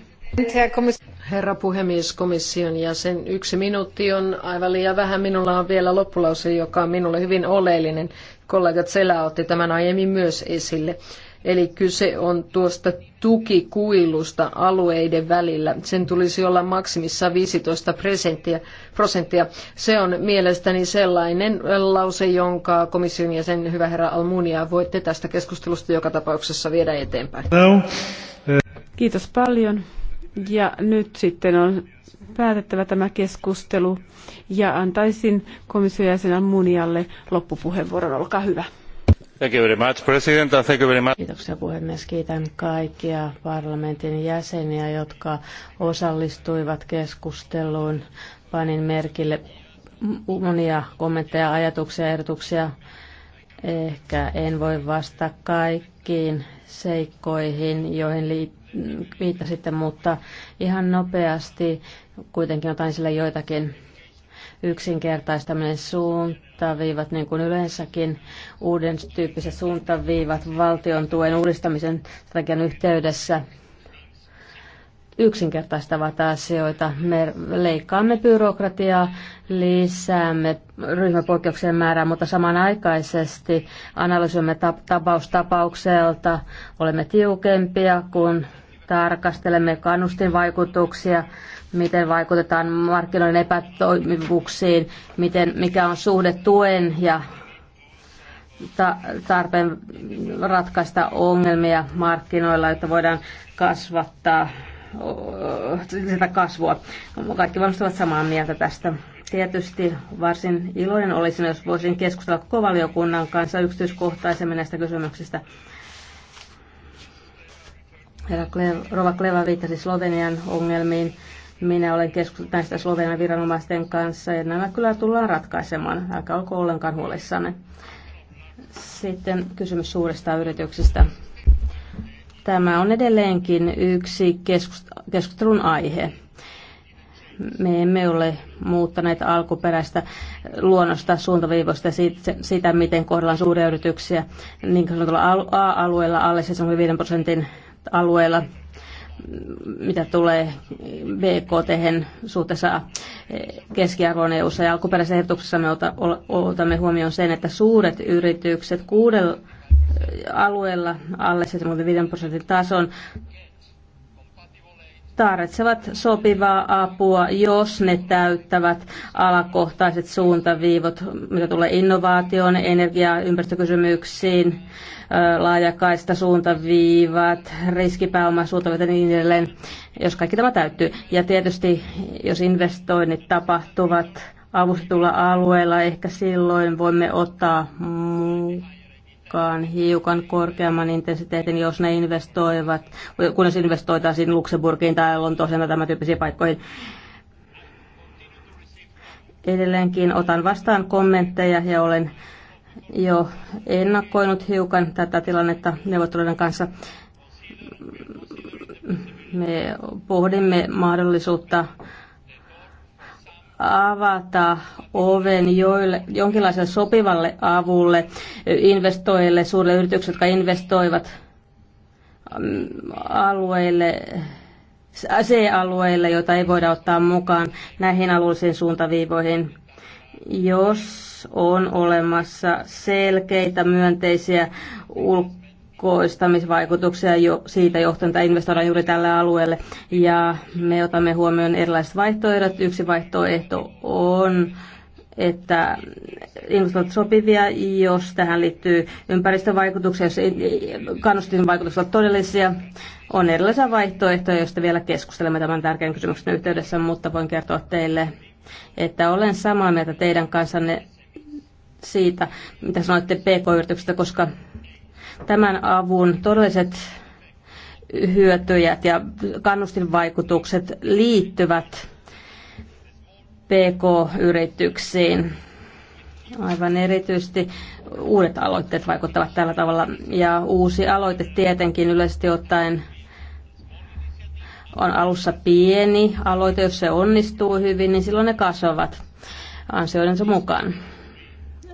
Herra puhemies, komission jäsen, yksi minuutti on aivan liian vähän. Minulla on vielä loppulause, joka on minulle hyvin oleellinen. Kollega Zelä otti tämän aiemmin myös esille. Eli kyse on tuosta tukikuilusta alueiden välillä. Sen tulisi olla maksimissa 15 prosenttia. Se on mielestäni sellainen lause, jonka komission jäsen hyvä herra Almunia voitte tästä keskustelusta joka tapauksessa viedä eteenpäin. No, eh. Kiitos paljon. Ja nyt sitten on päätettävä tämä keskustelu ja antaisin komission jäsen Almunialle loppupuheenvuoron. Olkaa hyvä. Thank you very much, President. Thank you very much. Kiitoksia puhemies. Kiitän kaikkia parlamentin jäseniä, jotka osallistuivat keskusteluun. Panin merkille monia kommentteja, ajatuksia ja ehdotuksia. Ehkä en voi vastata kaikkiin seikkoihin, joihin liittyy viittasitte, mutta ihan nopeasti kuitenkin otan sille joitakin yksinkertaistaminen suuntaviivat, niin kuin yleensäkin uuden tyyppiset suuntaviivat valtion tuen uudistamisen strategian yhteydessä yksinkertaistavat asioita. Me leikkaamme byrokratiaa, lisäämme ryhmäpoikkeuksien määrää, mutta samanaikaisesti analysoimme tapaustapaukselta, olemme tiukempia, kun tarkastelemme kannustinvaikutuksia, miten vaikutetaan markkinoiden epätoimivuuksiin, miten, mikä on suhde tuen ja ta- tarpeen ratkaista ongelmia markkinoilla, jotta voidaan kasvattaa sitä kasvua. Kaikki varmasti ovat samaa mieltä tästä. Tietysti varsin iloinen olisin, jos voisin keskustella koko valiokunnan kanssa yksityiskohtaisemmin näistä kysymyksistä. Herra Rova Kleva viittasi Slovenian ongelmiin minä olen keskustellut näistä Slovenian viranomaisten kanssa ja nämä kyllä tullaan ratkaisemaan. Älkää olko ollenkaan huolissanne. Sitten kysymys suurista yrityksistä. Tämä on edelleenkin yksi keskustelun aihe. Me emme ole muuttaneet alkuperäistä luonnosta suuntaviivoista sitä, miten kohdellaan suuria yrityksiä niin kuin A-alueella alle 75 prosentin alueella mitä tulee BKT suhteessa äh, keskiarvoon eu ja alkuperäisessä ehdotuksessa me otamme huomioon sen, että suuret yritykset kuudella äh, alueella alle 75 prosentin tason tarvitsevat sopivaa apua, jos ne täyttävät alakohtaiset suuntaviivot, mitä tulee innovaatioon, energia- ja ympäristökysymyksiin, laajakaista suuntaviivat, riskipääoma suuntaviivat ja niin edelleen, jos kaikki tämä täyttyy. Ja tietysti, jos investoinnit tapahtuvat avustetulla alueella, ehkä silloin voimme ottaa mukaan luokkaan hiukan korkeamman intensiteetin, jos ne investoivat, kunnes investoitaisiin Luxemburgiin tai Lontooseen tai tämän tyyppisiin paikkoihin. Edelleenkin otan vastaan kommentteja ja olen jo ennakoinut hiukan tätä tilannetta neuvotteluiden kanssa. Me pohdimme mahdollisuutta avata oven joille, jonkinlaiselle sopivalle avulle investoijille, suurille yrityksille, jotka investoivat mm, alueille, C-alueille, joita ei voida ottaa mukaan näihin alueellisiin suuntaviivoihin, jos on olemassa selkeitä myönteisiä ulkoa koistamisvaikutuksia jo siitä johtuen, että investoidaan juuri tälle alueelle. Ja me otamme huomioon erilaiset vaihtoehdot. Yksi vaihtoehto on että investoinnit sopivia, jos tähän liittyy ympäristövaikutuksia, jos vaikutukset ovat todellisia. On erilaisia vaihtoehtoja, joista vielä keskustelemme tämän tärkeän kysymyksen yhteydessä, mutta voin kertoa teille, että olen samaa mieltä teidän kanssanne siitä, mitä sanoitte pk yrityksestä koska Tämän avun todelliset hyötyjät ja kannustinvaikutukset liittyvät PK-yrityksiin. Aivan erityisesti uudet aloitteet vaikuttavat tällä tavalla ja uusi aloite tietenkin yleisesti ottaen on alussa pieni aloite, jos se onnistuu hyvin, niin silloin ne kasvavat ansioidensa mukaan.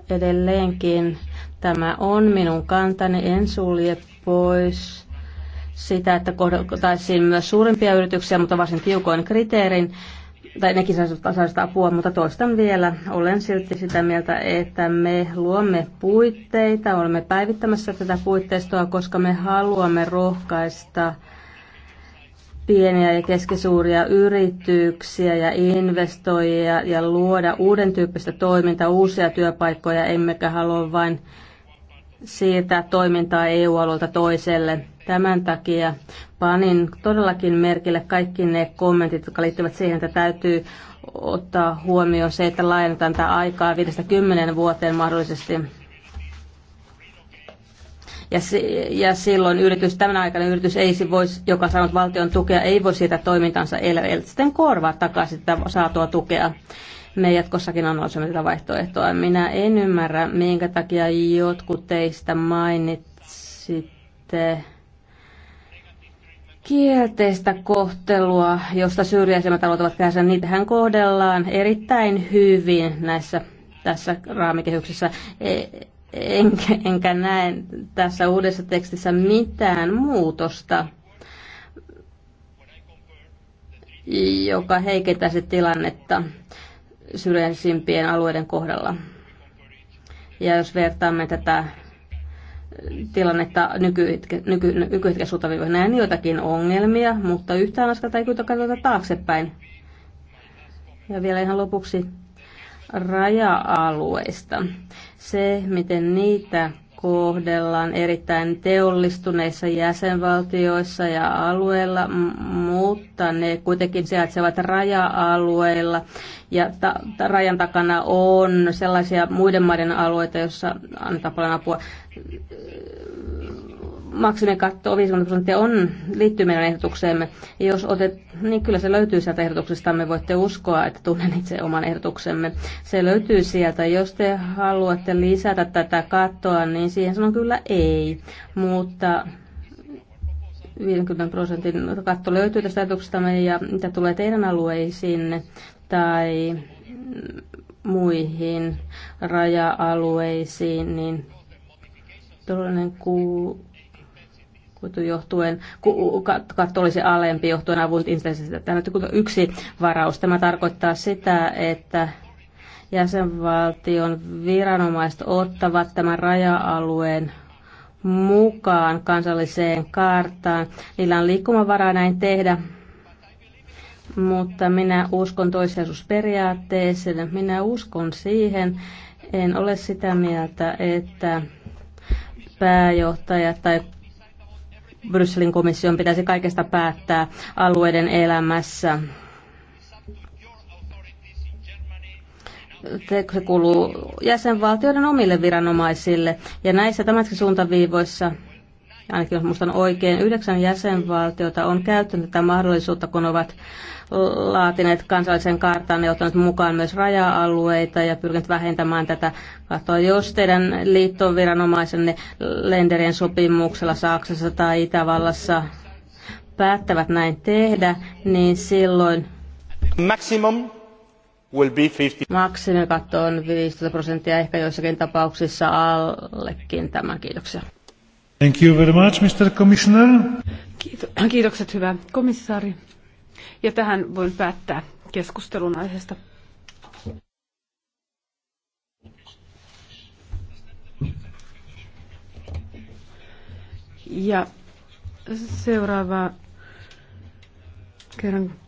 Edelleenkin Tämä on minun kantani, en sulje pois sitä, että kohdeltaisiin myös suurimpia yrityksiä, mutta varsin tiukoin kriteerin, tai nekin saisivat apua, mutta toistan vielä, olen silti sitä mieltä, että me luomme puitteita, olemme päivittämässä tätä puitteistoa, koska me haluamme rohkaista pieniä ja keskisuuria yrityksiä ja investoijia ja luoda uuden tyyppistä toimintaa, uusia työpaikkoja, emmekä halua vain siirtää toimintaa EU-alueelta toiselle. Tämän takia panin todellakin merkille kaikki ne kommentit, jotka liittyvät siihen, että täytyy ottaa huomioon se, että laajennetaan tämä aikaa 50 vuoteen mahdollisesti ja, ja silloin yritys, tämän aikana yritys, ei voisi, joka saanut valtion tukea, ei voi siitä toimintansa elävältä sitten korvaa takaisin sitä saatua tukea. Me jatkossakin ollut tätä vaihtoehtoa. Minä en ymmärrä, minkä takia jotkut teistä mainitsitte kielteistä kohtelua, josta syrjäisemmät alueet ovat niitä niitähän kohdellaan erittäin hyvin näissä tässä raamikehyksessä. E- en, enkä näe tässä uudessa tekstissä mitään muutosta, joka heikentäisi tilannetta syrjäisimpien alueiden kohdalla. Ja jos vertaamme tätä tilannetta nykyhetken nyky, nyky, nyky suuntaviivoihin, näen joitakin ongelmia, mutta yhtään askelta ei kuitenkaan tuota taaksepäin. Ja vielä ihan lopuksi raja-alueista. Se, miten niitä kohdellaan erittäin teollistuneissa jäsenvaltioissa ja alueilla, mutta ne kuitenkin sijaitsevat raja-alueilla ja ta- ta- rajan takana on sellaisia muiden maiden alueita, joissa annetaan paljon apua maksimikatto 50 prosenttia on, liittyy meidän ehdotukseemme. Ja jos otet, niin kyllä se löytyy sieltä me Voitte uskoa, että tunnen itse oman ehdotuksemme. Se löytyy sieltä. Jos te haluatte lisätä tätä kattoa, niin siihen sanon kyllä ei. Mutta 50 prosentin katto löytyy tästä ehdotuksesta ja mitä tulee teidän alueisiin tai muihin raja-alueisiin, niin todellinen ku, johtuen, katto olisi alempi johtuen avun instanssista. Tämä on yksi varaus. Tämä tarkoittaa sitä, että jäsenvaltion viranomaiset ottavat tämän raja-alueen mukaan kansalliseen karttaan. Niillä on liikkumavaraa näin tehdä, mutta minä uskon toissijaisuusperiaatteeseen. Minä uskon siihen. En ole sitä mieltä, että pääjohtajat tai Brysselin komission pitäisi kaikesta päättää alueiden elämässä. se kuuluu jäsenvaltioiden omille viranomaisille. Ja näissä tämänkin suuntaviivoissa, ainakin jos muistan oikein, yhdeksän jäsenvaltiota on käyttänyt tätä mahdollisuutta, kun ovat laatineet kansallisen kartan ja ottaneet mukaan myös raja-alueita ja pyrkineet vähentämään tätä kattoa. Jos teidän liittoon viranomaisenne lenderien sopimuksella Saksassa tai Itävallassa päättävät näin tehdä, niin silloin maximum will be 50. Maksimikatto on 15 prosenttia, ehkä joissakin tapauksissa allekin tämä. Kiitoksia. Thank you very much, Mr. Commissioner. kiitokset, hyvä komissaari. Ja tähän voin päättää keskustelun aiheesta. Ja seuraava kerran